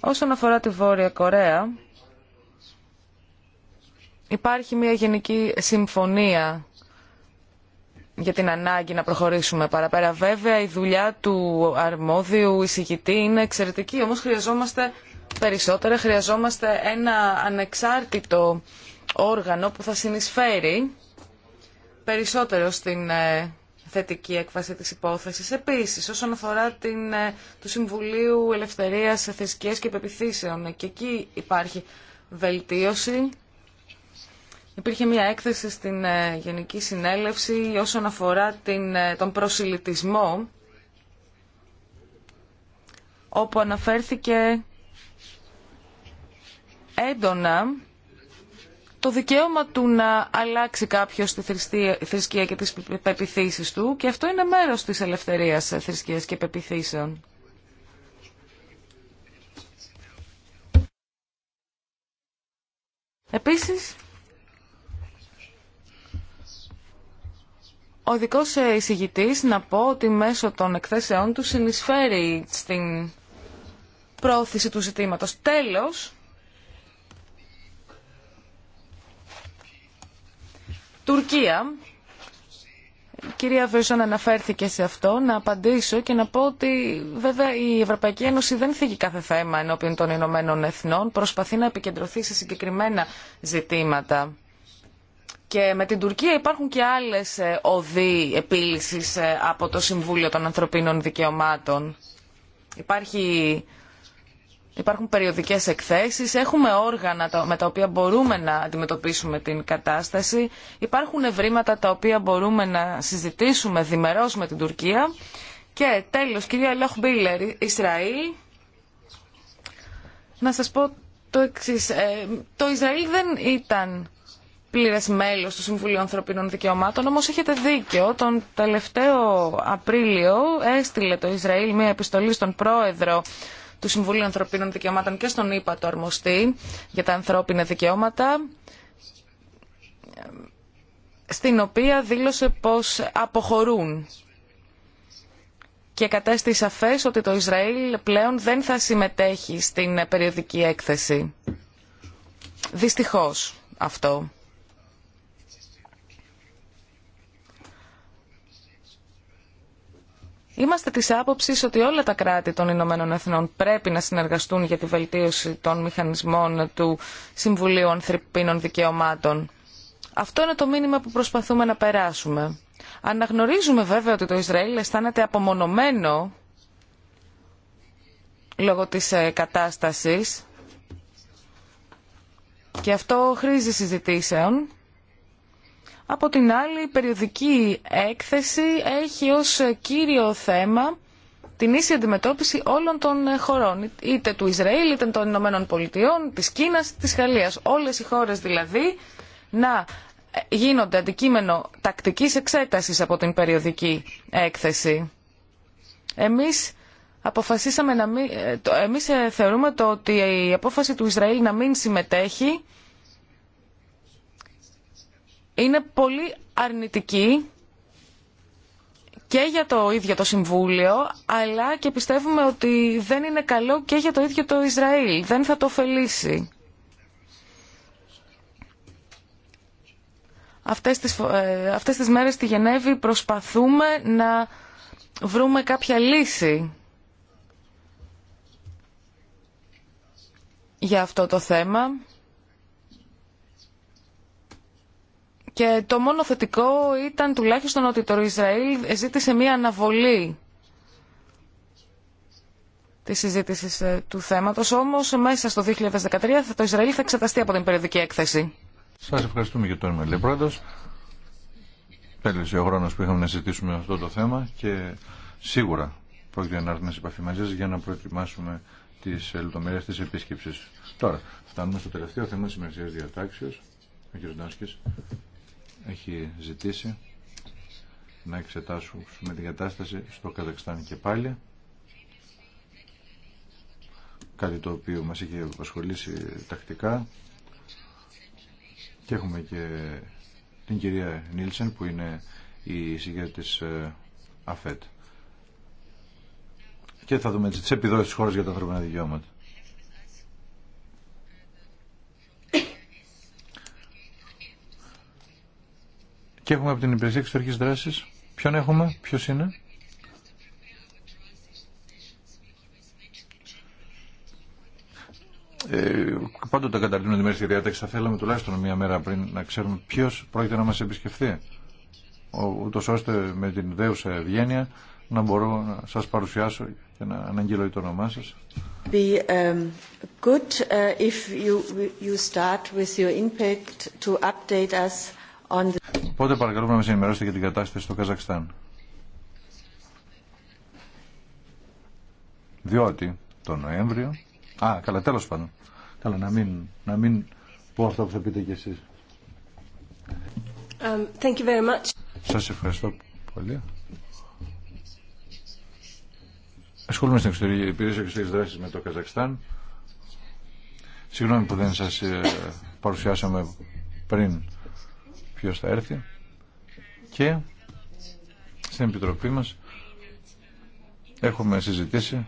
Όσον αφορά τη Βόρεια Κορέα, υπάρχει μια γενική συμφωνία για την ανάγκη να προχωρήσουμε παραπέρα. Βέβαια η δουλειά του αρμόδιου εισηγητή είναι εξαιρετική, όμως χρειαζόμαστε περισσότερα, χρειαζόμαστε ένα ανεξάρτητο όργανο που θα συνεισφέρει περισσότερο στην ε, θετική έκβαση της υπόθεσης. Επίσης, όσον αφορά την, ε, του Συμβουλίου Ελευθερίας Θρησκείας και Πεπιθήσεων, και εκεί υπάρχει βελτίωση Υπήρχε μια έκθεση στην ε, Γενική Συνέλευση όσον αφορά την, ε, τον προσιλητισμό όπου αναφέρθηκε έντονα το δικαίωμα του να αλλάξει κάποιος τη θρησκεία και τις πεπιθήσεις του και αυτό είναι μέρος της ελευθερίας ε, θρησκείας και πεπιθήσεων. Επίσης, ο δικό ε, εισηγητή να πω ότι μέσω των εκθέσεών του συνεισφέρει στην πρόθεση του ζητήματος. Τέλος, Τουρκία. κυρία Βερσόν αναφέρθηκε σε αυτό. Να απαντήσω και να πω ότι βέβαια η Ευρωπαϊκή Ένωση δεν θίγει κάθε θέμα ενώπιον των Ηνωμένων Εθνών. Προσπαθεί να επικεντρωθεί σε συγκεκριμένα ζητήματα. Και με την Τουρκία υπάρχουν και άλλες ε, οδοί επίλυσης ε, από το Συμβούλιο των Ανθρωπίνων Δικαιωμάτων. Υπάρχει, υπάρχουν περιοδικές εκθέσεις, έχουμε όργανα με τα οποία μπορούμε να αντιμετωπίσουμε την κατάσταση, υπάρχουν ευρήματα τα οποία μπορούμε να συζητήσουμε διμερώς με την Τουρκία. Και τέλος, κυρία Μπίλερ, Ισραήλ, να σας πω το εξής. Ε, το Ισραήλ δεν ήταν πλήρε μέλο του Συμβουλίου Ανθρωπίνων Δικαιωμάτων, όμω έχετε δίκιο. Τον τελευταίο Απρίλιο έστειλε το Ισραήλ μια επιστολή στον πρόεδρο του Συμβουλίου Ανθρωπίνων Δικαιωμάτων και στον ΙΠΑ το αρμοστή για τα ανθρώπινα δικαιώματα, στην οποία δήλωσε πως αποχωρούν και κατέστη σαφές ότι το Ισραήλ πλέον δεν θα συμμετέχει στην περιοδική έκθεση. Δυστυχώς αυτό. Είμαστε της άποψης ότι όλα τα κράτη των Ηνωμένων Εθνών πρέπει να συνεργαστούν για τη βελτίωση των μηχανισμών του Συμβουλίου Ανθρωπίνων Δικαιωμάτων. Αυτό είναι το μήνυμα που προσπαθούμε να περάσουμε. Αναγνωρίζουμε βέβαια ότι το Ισραήλ αισθάνεται απομονωμένο λόγω της ε, κατάστασης και αυτό χρήζει συζητήσεων από την άλλη, η περιοδική έκθεση έχει ως κύριο θέμα την ίση αντιμετώπιση όλων των χωρών, είτε του Ισραήλ, είτε των Ηνωμένων Πολιτειών, της Κίνας, της Γαλλίας. Όλες οι χώρες δηλαδή να γίνονται αντικείμενο τακτικής εξέτασης από την περιοδική έκθεση. Εμείς αποφασίσαμε να ε, Εμείς ε, θεωρούμε το ότι η απόφαση του Ισραήλ να μην συμμετέχει είναι πολύ αρνητική και για το ίδιο το Συμβούλιο, αλλά και πιστεύουμε ότι δεν είναι καλό και για το ίδιο το Ισραήλ. Δεν θα το ωφελήσει. Αυτές τις, ε, αυτές τις μέρες στη Γενέβη προσπαθούμε να βρούμε κάποια λύση για αυτό το θέμα. Και το μόνο θετικό ήταν τουλάχιστον ότι το Ισραήλ ζήτησε μία αναβολή τη συζήτηση ε, του θέματο. Όμω, μέσα στο 2013 το Ισραήλ θα εξεταστεί από την περιοδική έκθεση. Σα ευχαριστούμε για το όνομα, Πρόεδρο. Τέλειωσε ο χρόνο που είχαμε να συζητήσουμε αυτό το θέμα και σίγουρα πρόκειται να έρθουμε σε επαφή μαζί για να προετοιμάσουμε τι λεπτομέρειε τη επίσκεψη. Τώρα, φτάνουμε στο τελευταίο θέμα τη ημερησία διατάξεω. Ο κ έχει ζητήσει να εξετάσουμε την κατάσταση στο Καζακστάν και πάλι κάτι το οποίο μας είχε απασχολήσει τακτικά και έχουμε και την κυρία Νίλσεν που είναι η εισηγήτρια της ε, ΑΦΕΤ και θα δούμε τις επιδόσεις της χώρας για τα ανθρώπινα δικαιώματα. Και έχουμε από την υπηρεσία εξωτερική δράση. Ποιον έχουμε, ποιο είναι. Ε, πάντοτε τη την στη διάταξη. Θα θέλαμε τουλάχιστον μία μέρα πριν να ξέρουμε ποιο πρόκειται να μα επισκεφθεί. Ούτω ώστε με την δέουσα ευγένεια να μπορώ να σα παρουσιάσω και να αναγγείλω το όνομά σα. Be um, good uh, if you you start with your impact to update us on the. Οπότε παρακαλούμε να μας ενημερώσετε για την κατάσταση στο Καζακστάν. Διότι το Νοέμβριο... Α, καλά, τέλος πάντων. Καλά, να μην, να μην πω αυτό που θα πείτε κι εσείς. Um, thank you very much. Σας ευχαριστώ πολύ. Ασχολούμαι στην εξωτερική υπηρεσία εξωτερικής δράσης με το Καζακστάν. Συγγνώμη που δεν σας ε, παρουσιάσαμε πριν ποιος θα έρθει και στην Επιτροπή μας έχουμε συζητήσει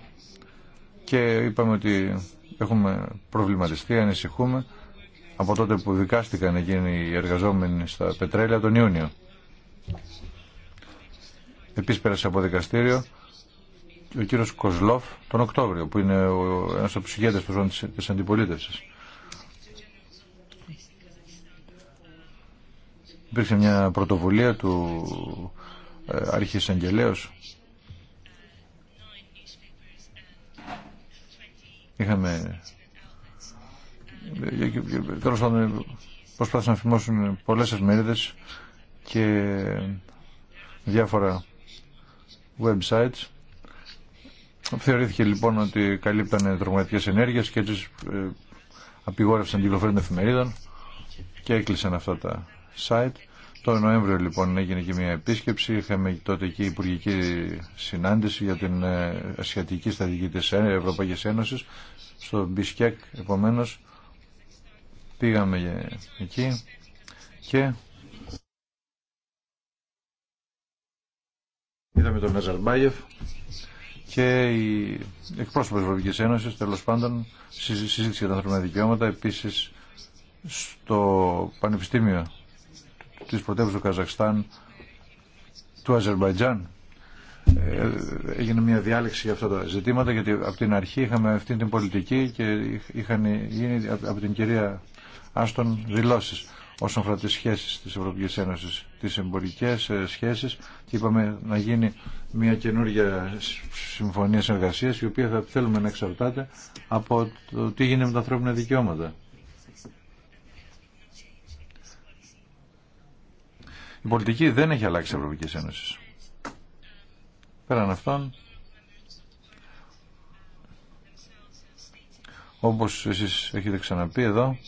και είπαμε ότι έχουμε προβληματιστεί, ανησυχούμε από τότε που δικάστηκαν εκείνοι οι εργαζόμενοι στα πετρέλαια τον Ιούνιο. Επίσης πέρασε από δικαστήριο ο κύριος Κοσλόφ τον Οκτώβριο που είναι ο, ένας από τους ηγέτες της αντιπολίτευσης. Υπήρξε μια πρωτοβουλία του ε, αρχής Αγγελέως. Είχαμε... Ε, τέλος πάντων προσπάθησαν να φημώσουν πολλές εφημερίδες και διάφορα websites. Θεωρήθηκε λοιπόν ότι καλύπτανε τρομοκρατικέ ενέργειες και έτσι ε, απειγόρευσαν την κυκλοφορία των εφημερίδων και έκλεισαν αυτά τα site. Το Νοέμβριο λοιπόν έγινε και μια επίσκεψη, είχαμε τότε και υπουργική συνάντηση για την ε, ασιατική στρατηγική της Ευρωπαϊκής Ένωσης στο Μπισκέκ, επομένως πήγαμε εκεί και είδαμε τον Ναζαρμπάγεφ και οι εκπρόσωπος της Ευρωπαϊκής Ένωσης τέλος πάντων συζήτησε για τα ανθρώπινα δικαιώματα επίσης στο Πανεπιστήμιο της πρωτεύουσας του Καζακστάν, του Αζερμπαϊτζάν. Ε, έγινε μια διάλεξη για αυτά τα ζητήματα γιατί από την αρχή είχαμε αυτή την πολιτική και είχαν γίνει από την κυρία Άστον δηλώσεις όσον αφορά τις σχέσεις της Ευρωπαϊκής Ένωσης, τις εμπορικές ε, σχέσεις και είπαμε να γίνει μια καινούργια συμφωνία συνεργασίας η οποία θα θέλουμε να εξαρτάται από το τι γίνεται με τα ανθρώπινα δικαιώματα. Η πολιτική δεν έχει αλλάξει της Ευρωπαϊκής Ένωσης. Πέραν αυτών, όπως εσείς έχετε ξαναπεί εδώ,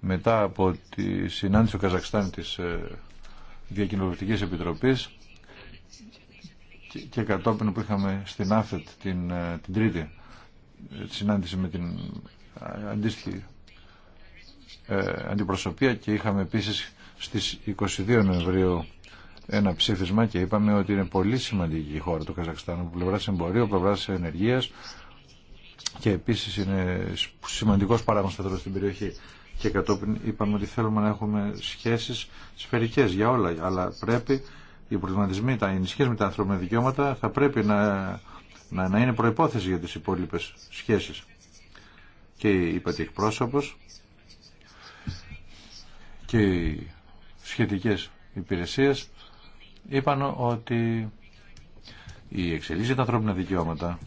μετά από τη συνάντηση του Καζακστάν της ε, Διακοινοβουλευτική Επιτροπής και κατόπιν που είχαμε στην ΑΦΕΤ την, ε, την Τρίτη ε, τη συνάντηση με την αντίστοιχη ε, αντιπροσωπεία και είχαμε επίσης στις 22 Νοεμβρίου ένα ψήφισμα και είπαμε ότι είναι πολύ σημαντική η χώρα του Καζακστάν από πλευρά εμπορίου, πλευρά ενεργεία και επίση είναι σημαντικό παράγοντα στην περιοχή. Και κατόπιν είπαμε ότι θέλουμε να έχουμε σχέσει σφαιρικέ για όλα, αλλά πρέπει οι προβληματισμοί, τα ενισχύσει με τα ανθρώπινα δικαιώματα θα πρέπει να, να, είναι προπόθεση για τι υπόλοιπε σχέσει. Και είπατε εκπρόσωπο και σχετικές υπηρεσίες είπαν ότι η εξελίξη των τα ανθρώπινα δικαιώματα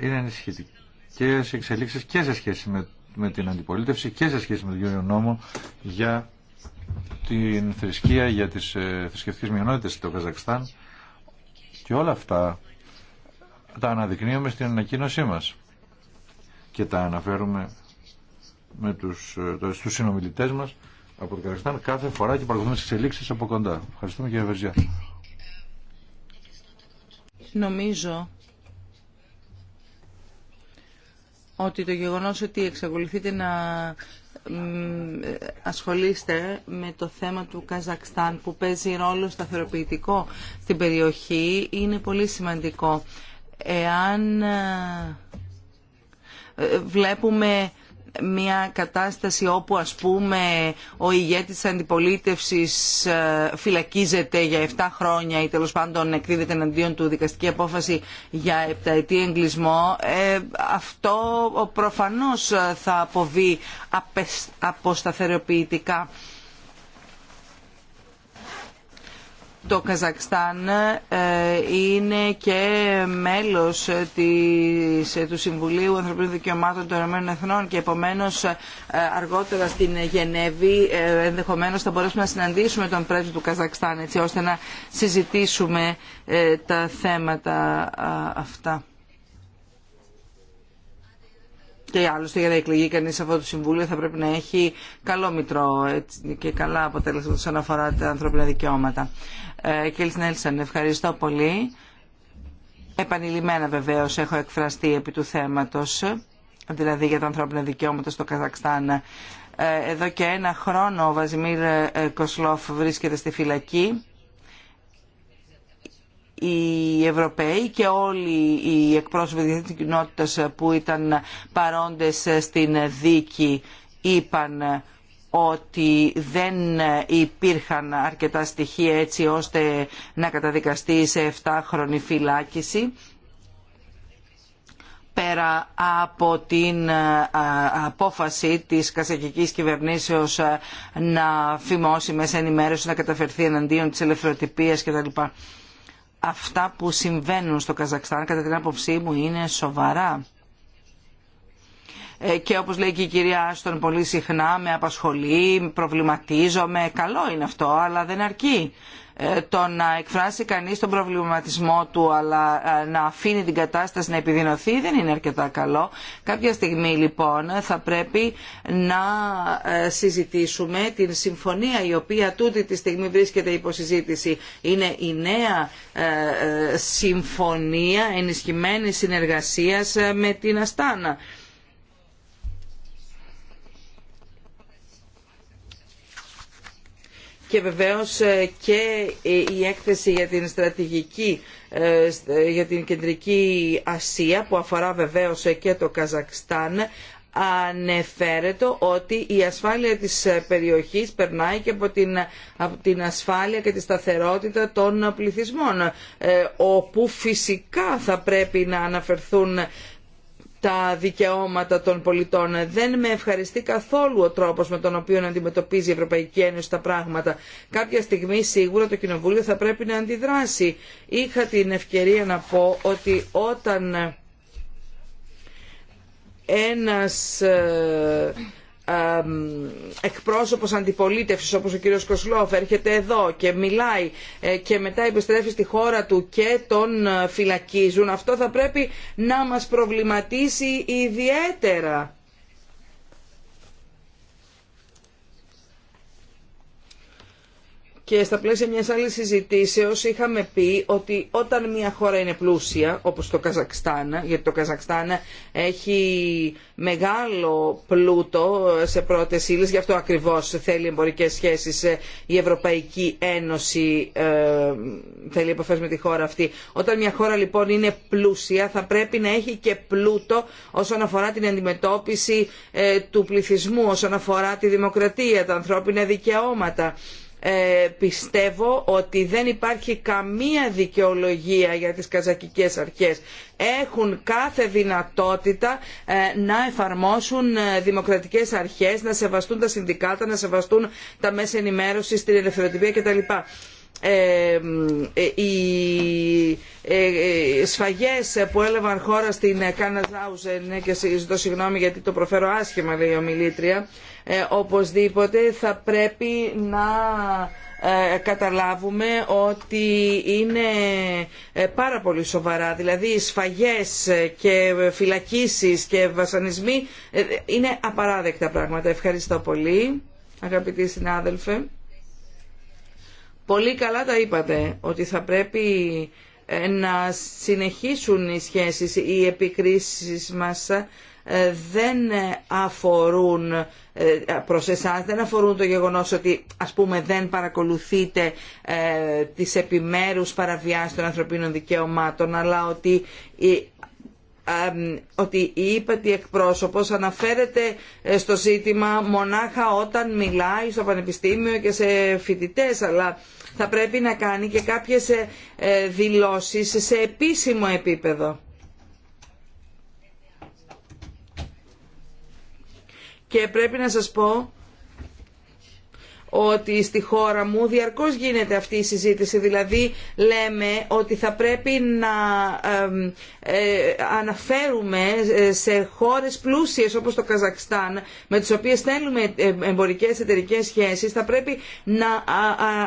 είναι σχετικές εξελίξεις και σε σχέση με, με την αντιπολίτευση και σε σχέση με τον κύριο νόμο για την θρησκεία, για τις ε, θρησκευτικές μειονότητες στο Καζακστάν και όλα αυτά τα αναδεικνύουμε στην ανακοίνωσή μας και τα αναφέρουμε με τους, τους συνομιλητές μας από το Καζακστάν κάθε φορά και παρακολουθούμε τις εξελίξεις από κοντά. Ευχαριστούμε κύριε Βεζιά. Νομίζω ότι το γεγονός ότι εξακολουθείτε να ασχολείστε με το θέμα του Καζακστάν που παίζει ρόλο σταθεροποιητικό στην περιοχή είναι πολύ σημαντικό. Εάν ε, βλέπουμε μια κατάσταση όπου ας πούμε ο ηγέτης της αντιπολίτευσης ε, φυλακίζεται για 7 χρόνια ή τέλος πάντων εκδίδεται εναντίον του δικαστική απόφαση για επταετή εγκλισμό ε, αυτό προφανώς ε, θα αποβεί αποσταθεροποιητικά το Καζακστάν ε, είναι και μέλος του Συμβουλίου Ανθρωπίνων Δικαιωμάτων των Ηνωμένων Εθνών και επομένως ε, αργότερα στην Γενέβη ε, ενδεχομένως θα μπορέσουμε να συναντήσουμε τον πρέσβη του Καζακστάν έτσι ώστε να συζητήσουμε τα θέματα αυτά. Και άλλωστε για να εκλεγεί κανείς αυτό το Συμβούλιο θα πρέπει να έχει καλό μητρό και καλά αποτέλεσμα όσον αφορά τα ανθρώπινα δικαιώματα. Ε, Νέλσαν, Νέλσον, ευχαριστώ πολύ. Επανειλημμένα βεβαίω έχω εκφραστεί επί του θέματο, δηλαδή για τα ανθρώπινα δικαιώματα στο Καζακστάν. Ε, εδώ και ένα χρόνο ο Βαζιμίρ ε, Κοσλόφ βρίσκεται στη φυλακή οι Ευρωπαίοι και όλοι οι εκπρόσωποι της κοινότητας που ήταν παρόντες στην δίκη είπαν ότι δεν υπήρχαν αρκετά στοιχεία έτσι ώστε να καταδικαστεί σε 7 χρονη φυλάκιση πέρα από την απόφαση της κασακικής κυβερνήσεως να φημώσει μέσα ενημέρωση, να καταφερθεί εναντίον της ελευθεροτυπίας κτλ αυτά που συμβαίνουν στο Καζακστάν κατά την άποψή μου είναι σοβαρά ε, και όπως λέει και η κυρία Άστον πολύ συχνά με απασχολεί, προβληματίζομαι, καλό είναι αυτό αλλά δεν αρκεί ε, το να εκφράσει κανείς τον προβληματισμό του αλλά ε, να αφήνει την κατάσταση να επιδεινωθεί δεν είναι αρκετά καλό. Κάποια στιγμή λοιπόν θα πρέπει να συζητήσουμε την συμφωνία η οποία τούτη τη στιγμή βρίσκεται υπό Είναι η νέα συμφωνία ενισχυμένη συνεργασίας με την Αστάνα και βεβαίως ε, και ε, η έκθεση για την στρατηγική ε, για την κεντρική Ασία που αφορά βεβαίως και το Καζακστάν ανεφέρετο ότι η ασφάλεια της περιοχής περνάει και την, από την ασφάλεια και τη σταθερότητα των πληθυσμών όπου φυσικά θα πρέπει να αναφερθούν τα δικαιώματα των πολιτών. Δεν με ευχαριστεί καθόλου ο τρόπος με τον οποίο αντιμετωπίζει η Ευρωπαϊκή Ένωση τα πράγματα. Κάποια στιγμή σίγουρα το Κοινοβούλιο θα πρέπει να αντιδράσει. Είχα την ευκαιρία να πω ότι όταν ένας ε, εκπρόσωπος αντιπολίτευσης όπως ο κύριος Κοσλόφ έρχεται εδώ και μιλάει ε, και μετά επιστρέφει στη χώρα του και τον ε, φυλακίζουν αυτό θα πρέπει να μας προβληματίσει ιδιαίτερα και στα πλαίσια μιας άλλης συζητήσεως είχαμε πει ότι όταν μια χώρα είναι πλούσια, όπως το Καζακστάν, γιατί το Καζακστάν έχει μεγάλο πλούτο σε πρώτες ύλες, γι' αυτό ακριβώς θέλει εμπορικές σχέσεις ε, η Ευρωπαϊκή Ένωση, ε, θέλει επαφές με τη χώρα αυτή. Όταν μια χώρα λοιπόν είναι πλούσια θα πρέπει να έχει και πλούτο όσον αφορά την αντιμετώπιση ε, του πληθυσμού, όσον αφορά τη δημοκρατία, τα ανθρώπινα δικαιώματα ε, πιστεύω ότι δεν υπάρχει καμία δικαιολογία για τις καζακικές αρχές. Έχουν κάθε δυνατότητα ε, να εφαρμόσουν ε, δημοκρατικές αρχές, να σεβαστούν τα συνδικάτα, να σεβαστούν τα μέσα ενημέρωσης, την ελευθεροτυπία κτλ. λοιπά. οι σφαγές που έλαβαν χώρα στην Κάναζάουζεν και ζητώ συγγνώμη γιατί το προφέρω άσχημα λέει η ομιλήτρια ε, οπωσδήποτε θα πρέπει να ε, καταλάβουμε ότι είναι ε, πάρα πολύ σοβαρά. Δηλαδή οι σφαγές και φυλακίσεις και βασανισμοί είναι απαράδεκτα πράγματα. Ευχαριστώ πολύ αγαπητή συνάδελφε. Πολύ καλά τα είπατε ότι θα πρέπει να συνεχίσουν οι σχέσεις, οι επικρίσεις μας ε, δεν αφορούν ε, προς εσάς, δεν αφορούν το γεγονός ότι ας πούμε δεν παρακολουθείτε ε, τις επιμέρους παραβιάσεις των ανθρωπίνων δικαιωμάτων, αλλά ότι η, ότι η ύπατη εκπρόσωπος αναφέρεται ε, στο ζήτημα μονάχα όταν μιλάει στο πανεπιστήμιο και σε φοιτητές αλλά θα πρέπει να κάνει και κάποιες δηλώσεις σε επίσημο επίπεδο. και πρέπει να σας πω ότι στη χώρα μου διαρκώς γίνεται αυτή η συζήτηση. Δηλαδή λέμε ότι θα πρέπει να ε, αναφέρουμε σε χώρες πλούσιες όπως το Καζακστάν με τις οποίες θέλουμε ε, εμπορικές εταιρικέ σχέσεις θα πρέπει να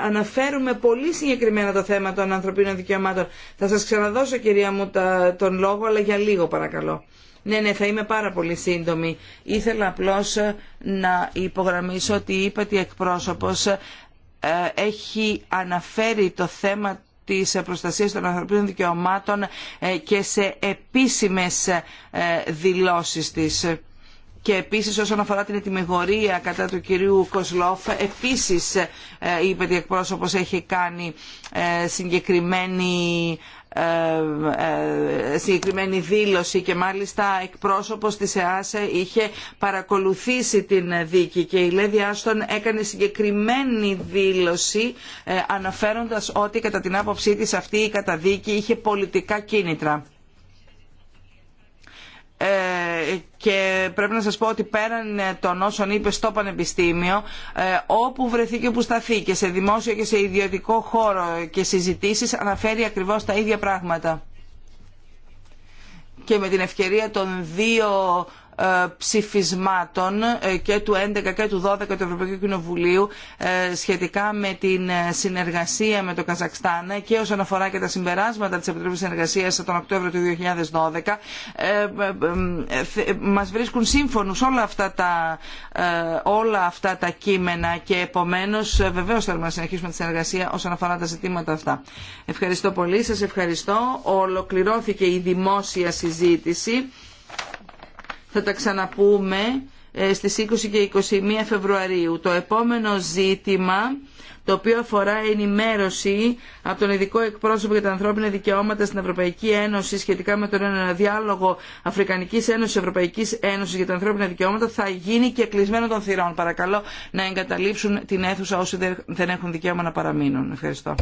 αναφέρουμε πολύ συγκεκριμένα το θέμα των ανθρωπίνων δικαιωμάτων. Θα σας ξαναδώσω κυρία μου τα, τον λόγο αλλά για λίγο παρακαλώ. Ναι, ναι, θα είμαι πάρα πολύ σύντομη. Ήθελα απλώς ε, να υπογραμμίσω ότι η ΥΠΑΤΗ εκπρόσωπος ε, έχει αναφέρει το θέμα της προστασίας των ανθρωπίνων δικαιωμάτων ε, και σε επίσημες δηλώσεις της. Και επίσης όσον αφορά την ετοιμιγορία κατά του κυρίου Κοσλόφ, επίσης η ΥΠΑΤΗ εκπρόσωπος έχει κάνει συγκεκριμένη συγκεκριμένη δήλωση και μάλιστα εκπρόσωπος της ΕΑΣΕ είχε παρακολουθήσει την δίκη και η Λέδη Άστον έκανε συγκεκριμένη δήλωση ε, αναφέροντας ότι κατά την άποψή της αυτή η καταδίκη είχε πολιτικά κίνητρα. Ε, και πρέπει να σας πω ότι πέραν των όσων είπε στο Πανεπιστήμιο ε, όπου βρεθεί και όπου σταθεί και σε δημόσιο και σε ιδιωτικό χώρο και συζητήσεις αναφέρει ακριβώς τα ίδια πράγματα. Και με την ευκαιρία των δύο ε, ψηφισμάτων ε, και του 11 και του 12 του Ευρωπαϊκού Κοινοβουλίου ε, σχετικά με την συνεργασία με το Καζακστάν και όσον αφορά και τα συμπεράσματα της Επιτροπής Συνεργασίας τον Οκτώβριο του 2012 μας βρίσκουν σύμφωνους όλα αυτά τα, όλα αυτά τα κείμενα και επομένως βεβαίως θέλουμε να συνεχίσουμε τη συνεργασία όσον αφορά τα ζητήματα αυτά. Ευχαριστώ πολύ, σας ευχαριστώ. Ολοκληρώθηκε η δημόσια συζήτηση. Θα τα ξαναπούμε ε, στις 20 και 21 Φεβρουαρίου. Το επόμενο ζήτημα το οποίο αφορά ενημέρωση από τον ειδικό εκπρόσωπο για τα ανθρώπινα δικαιώματα στην Ευρωπαϊκή Ένωση σχετικά με τον διάλογο Αφρικανικής Ένωσης Ευρωπαϊκής Ένωσης για τα ανθρώπινα δικαιώματα θα γίνει και κλεισμένο των θυρών. Παρακαλώ να εγκαταλείψουν την αίθουσα όσοι δεν έχουν δικαίωμα να παραμείνουν. Ευχαριστώ.